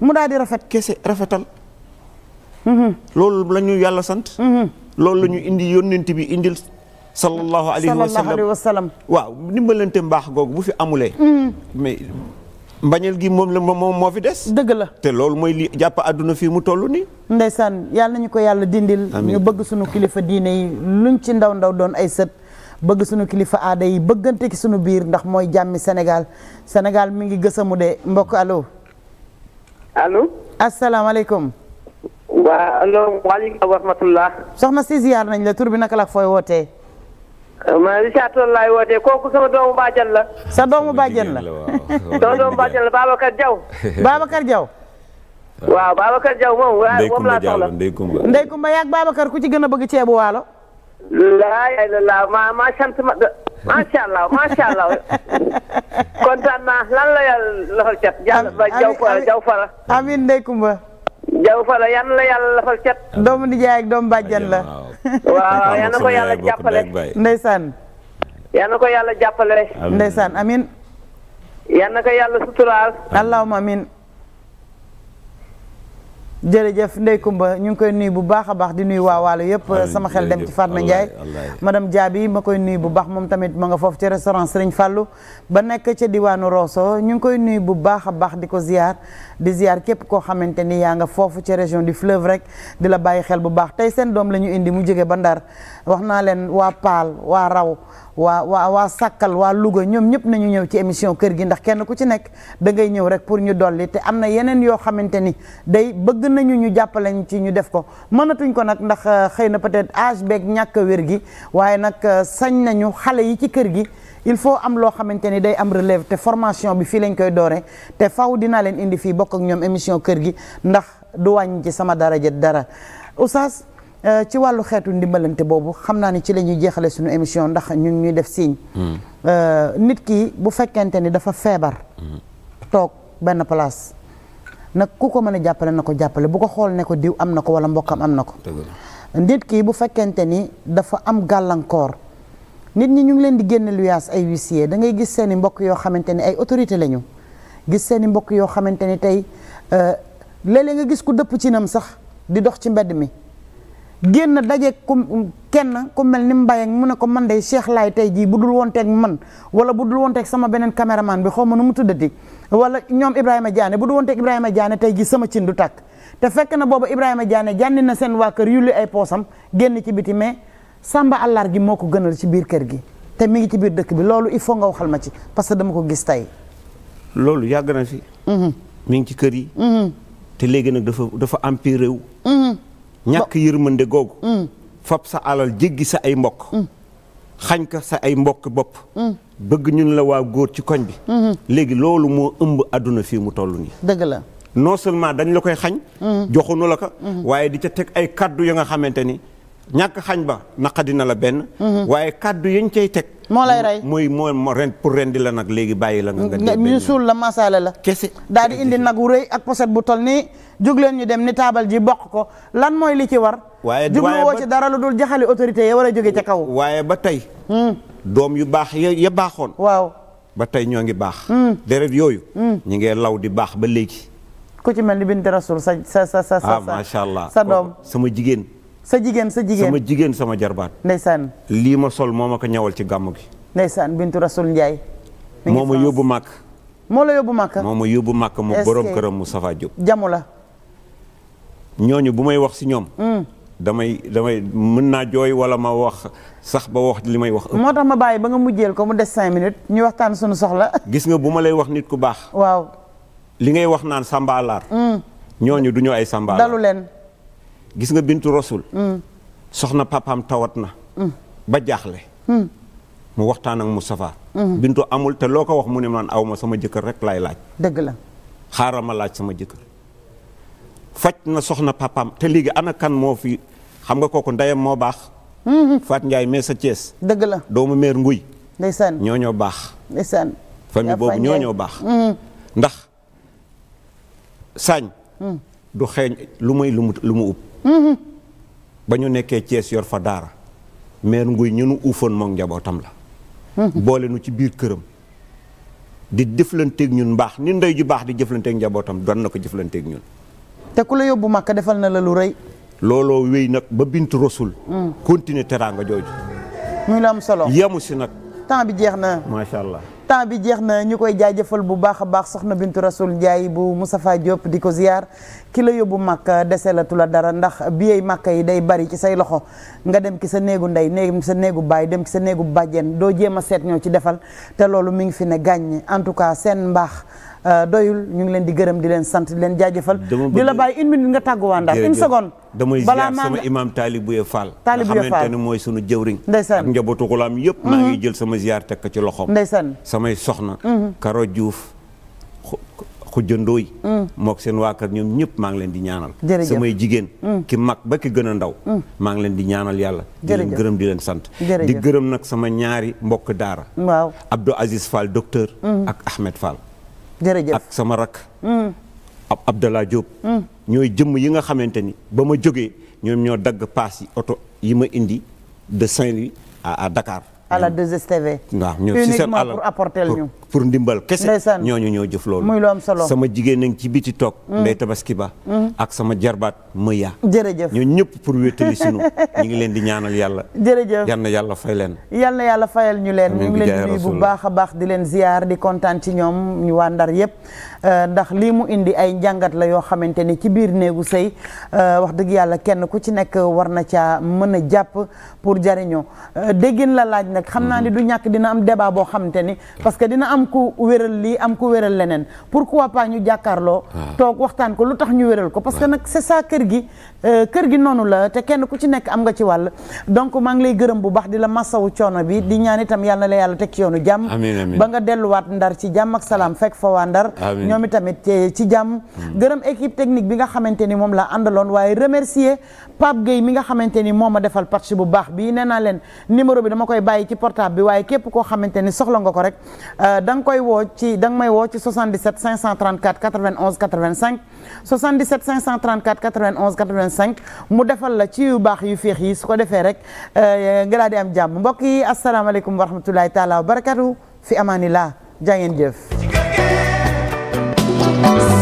mu daal di rafet kese rafetal loolu la ñu yàlla sant loolu la indi yónnent bi indil sallallahu alayhi wa waaw ndimbalante mbaax googu bu fi amulee mbañeel gi moom la moom moo fi des. dëgg la te loolu mooy li jàpp àdduna fii mu toll nii. ndeysaan yàlla nañu ko yàlla dindil. ñu bëgg sunu kilifa diine yi luñ ci ndaw ndaw doon ay sët. bëgg sunu kilifa aada yi bëggante ki sunu biir ndax mooy jàmmi Sénégal Sénégal mi ngi gësa mu de mbokk allo. allo. asalaamaaleykum. waa allo. soxna si nañ la tur bi naka la fooy wootee. ma Richard Toll laay wootee kooku sama doomu bàjjan la. sa doomu bàjjan la. sama doomu bàjjan la Babacar Diaw. kar Diaw. waaw Babacar Diaw moom. waaw moom laa soxla Ndeye Kumba Ndeye Kumba yaag Babacar ku ci gën a bëgg ceebu waalo. laa yaay la laa ma ma sant ma macha allah macha allah kontaan naa lan la yàlla lafal cat. jàll ba Diaw Fara Diaw Fara. amiin Ndeye Kumba. Diaw Fara yan la yàlla lafal cat. doomu nijaay ak doomu bàjjan la. waaw yal na ko yàlla jàppale ndeysaan yal na ko yàlla jàppale ndeysaan amin yal ko yàlla suturaal allahuma amin jërëjëf Ndeye Kumba ñu ngi koy nuyu bu baax a baax di nuyu waa Waalo yëpp sama xel dem ci Fatma Ndiaye madame Diaby ma koy nuyu bu baax moom tamit ma nga foofu ci restaurant Serigne Fallou ba nekk ca diwaanu Rosso ñu ngi koy nuyu bu baax a baax di ko ziar di ziar képp koo xamante ni yaa nga foofu ci région di fleuve rek di la bàyyi xel bu baax tey seen doom la ñu indi mu jóge ba Ndar wax naa leen waa Paal waa Raw waa waa waa Sàkkal waa Louga ñoom ñëpp nañu ñëw ci émission kër gi ndax kenn ku ci nekk da ngay ñëw rek pour ñu dolli te am na yeneen yoo xamante ni day bëgg nañu ñu jàppaleñ ci ñu def ko mënatuñ ko nag ndax euh, xëy na peut-être âge beeg ñàkk wér gi waaye nag euh, sañ nañu xale yi ci kër gi il faut am loo xamante ni day am relève te formation bi fii lañ koy doore te faw dinaa leen indi fii bokk ak ñoom émission kër gi ndax du wàññi ci sama daraja dara oustaz Euh, ci wàllu xeetu ndimbalante boobu xam naa ni ci lañuy ñuy jeexale suñu émission ndax ñu ngi ñuy def signe. Hmm. Euh, nit ki bu fekkente ni dafa feebar. Hmm. toog benn place nag ku ko mën a jàppale na ko jàppale bu ko xool ne ko diw am na ko wala mbokkam am na ko. nit ki bu fekkente ni dafa am gàllankoor. nit ñi ñu ngi leen di génne luyaas ay huissier da ngay gis seen mbokk yoo xamante ni ay autorité lañu gis seeni mbokk yoo xamante ni tey euh, léeg-léeg nga gis ku dëpp ci nam sax di dox ci mbedd mi. génn daje ku kenn ku mel ni Mbaye mu ne ko man day Cheikh tey jii bu dul wonteeg man wala bu dul wonteeg sama beneen caméraman bi xaw ma nu mu tuddati wala ñoom Ibrahima jaane bu dul wonteeg Ibrahima jaane tey jii sama cin du tàkk te fekk na boobu Ibrahima jaane jànni na seen waa kër yulli ay poosam génn ci biti mais Samba àllar gi moo ko gënal ci biir kër gi te mi ngi ci biir dëkk bi loolu il faut nga waxal ma ci parce que dama ko gis tey. loolu yàgg na fi. Mhm. mi ngi ci kër yi. Mhm. te léegi nag dafa dafa empiré wu. Mhm. ñàkk yërmande googu mm. fab sa alal jéggi sa ay mbokk mm. xañ ko sa ay mbokk bopp mm. bëgg ñun la waa góor ci koñ bi mm-hmm. léegi loolu moo ëmb adduna fii mu toll nii dëgg la non seulement dañ la koy xañ joxunu la ko mm-hmm. waaye di ca teg ay kàddu ya nga xamante ni ñàkk xañ ba naqadi na la benn. Mhm. waaye kàddu yañ cay teg. moo lay rey mooy moo ren pour rendi la nag léegi bàyyi la. nga nga ñu suul la masaale la. kese daal di indi nag wu rëy ak poset bu toll nii jug leen ñu dem ni taabal ji bokk ko lan mooy li ci war. waaye jublu woo ci dara lu dul jaxale autorité ya war a jóge ca kaw. waaye ba tey. Hmm. doom yu baax ya ya baaxoon. waaw ba tey ñoo ngi baax. Hmm. deret yooyu. Hmm. ñi ngee law di baax ba léegi. ku ci mel ni binti rasul sa sa sa sa. ah macha allah sa sama jigéen. sa jigéen sa jigéen sama jigéen sama jarbaat. ndeysaan lii ma sol moo ma ko ñawal ci gàmmu gi. ndeysaan Bintu Rasul Ndiaye. moo ma yóbbu màkk. moo la yóbbu màkk. moo ma yóbbu màkk mu borom këram Moustapha Diop. jamu la. ñooñu bu may wax si ñoom. Mm. damay mën naa jooy wala ma wax sax ba wax li may wax. moo tax ma bàyyi ba nga mujjeel ko mu des cinq minutes ñu waxtaan suñu soxla. gis nga bu ma lay wax nit ku baax. waaw. li ngay wax naan sàmbaalaar. Mm. ñooñu du ñu ay sàmbaalaar dalu leen. gis nga bintu rasul mm. soxna papaam tawat na mm. ba jaaxle mm. mu waxtaan ak Moustapha bintu amul te loo ko wax mu ne man aw ma sama jëkkër rek laay laaj dëgg la xaaral ma laaj sama jëkkër faj na soxna papaam te léegi ana kan moo fi xam nga kooku ndeyam moo baax mm-hmm. Faat Ndiaye mais sa Thiès dëgg la doomu meer nguy ndeysaan ñoo ñoo baax ndeysaan famille boobu ñoo ñoo baax mm-hmm. ndax saañ du xeeñ lu may lu mu lu mu ub ba ñu nekkee Thiès yor fa daara meer nguy ñunu uufoon moom njabootam la boole nu ci biir këram di jëflanteeg ñun mbaax ni ndey ju baax di jëflanteeg njabootam doon na ko jëflanteeg ñun te ku la yóbbu màkk defal na la lu rëy looloo wéy nag ba bint rasul mm. continuer teraanga jooju muy la am solo yemu si nag temps bi jeex na macha allah temps bi jeex na ñu koy jaajëfal bu baax a baax soxna Bintu rasul Ndiaye bu Moustapha Diop di ko ziar ki la yóbbu mag deselatu la dara ndax biyey màkk yi day bari ci say loxo nga dem ki sa néegu ndey néeg sa néegu baay dem ki sa néegu bàjjen doo jéem a seet ñoo ci defal te loolu mi ngi fi ne gàññ en tout cas seen mbaax Euh, doyul ñu ngi leen di gërëm di leen sant leen jaajëfal di la bàyyi une minute nga tàggu waa Ndar une damay ziar sama imam Taalibuye Fall Taalibuye Fall nga xamante mooy sunu jëwriñ ndeysaan ak njabootu xulaam yëpp mhm. maa ngi jël sama ziar teg ko ci loxoom ndeysaan samay soxna mhm. Karo Diouf xujjandooy mhm. mook seen waa ñoom ñëpp maa ngi leen di ñaanal samay jigéen ki mag ba ki gën a ndaw maa ngi leen di ñaanal yàlla di leen gërëm di leen sant di gërëm nag sama ñaari mbokk daara waaw Abdou Aziz Fall docteur ak Ahmed Fall jërëjëf ak sama rak. Mm. ab Abdallah Diop. Mm. ñooy jëmm yi nga xamante ni ba ma jógee ñoom ñoo dagg paas yi oto yi ma indi de Saint-Louis a à Dakar. à la 2STV. waaw ñoo si seen alal ñu. pour ndimbal kese ñooñu ñoo jëf loolu muy lu am solo sama jigéen nañ ci biti toog mm. ndey tabaski ba mm. ak sama jarbaat mëyaa jërëjëf ñoo ñëpp pour wéttali sunu ñu ngi leen di ñaanal yàlla jërëjëf yal na yàlla fay leen yal na yàlla fayal ñu leen ñu ngi leen di nuyu bu baax a baax di leen ziyaar di kontaan ci ñoom ñu waa Ndar yëpp euh, ndax lii mu indi ay njàngat la yoo xamante ni ci biir néegu sëy euh, wax dëgg yàlla kenn ku ci nekk war na caa mën a jàpp pour jariñoo euh, déggin am ku wéral lii am ku wéral leneen pourquoi pas ñu jàkkaarloo ah. toog waxtaan ko lu tax ñu wéral ko parce que nag c'est ça kër gi Euh, kër gi noonu la te kenn ku ci nekk am nga ci wàll donc maa ngi lay gërëm bu baax di la masawu coono bi di ñaan itam yàlla na la yàlla teg ci yoonu jàmm ba nga delluwaat ndar ci jàmm ak salaam fekk fa waa ndar ñoom itamit ci jàmm hmm. gërëm équipe technique bi nga xamante ni moom la àndaloon waaye remercier Pape Gueye mi nga xamante ni moom ma defal patch bu baax bi nee naa leen numéro bi dama koy bàyyi ci portable bi waaye képp koo xamante ni soxla nga ko rek euh, nga koy woo ci da nga may woo ci 77 534 91 25 mu defal la ci yu baax yu féex yi su ko defee rek euh, nga daal di am jàmm mbokk yi asalaamaaleykum wa rahmatulahi taala wa fi amaanillah jaa ngeen jëf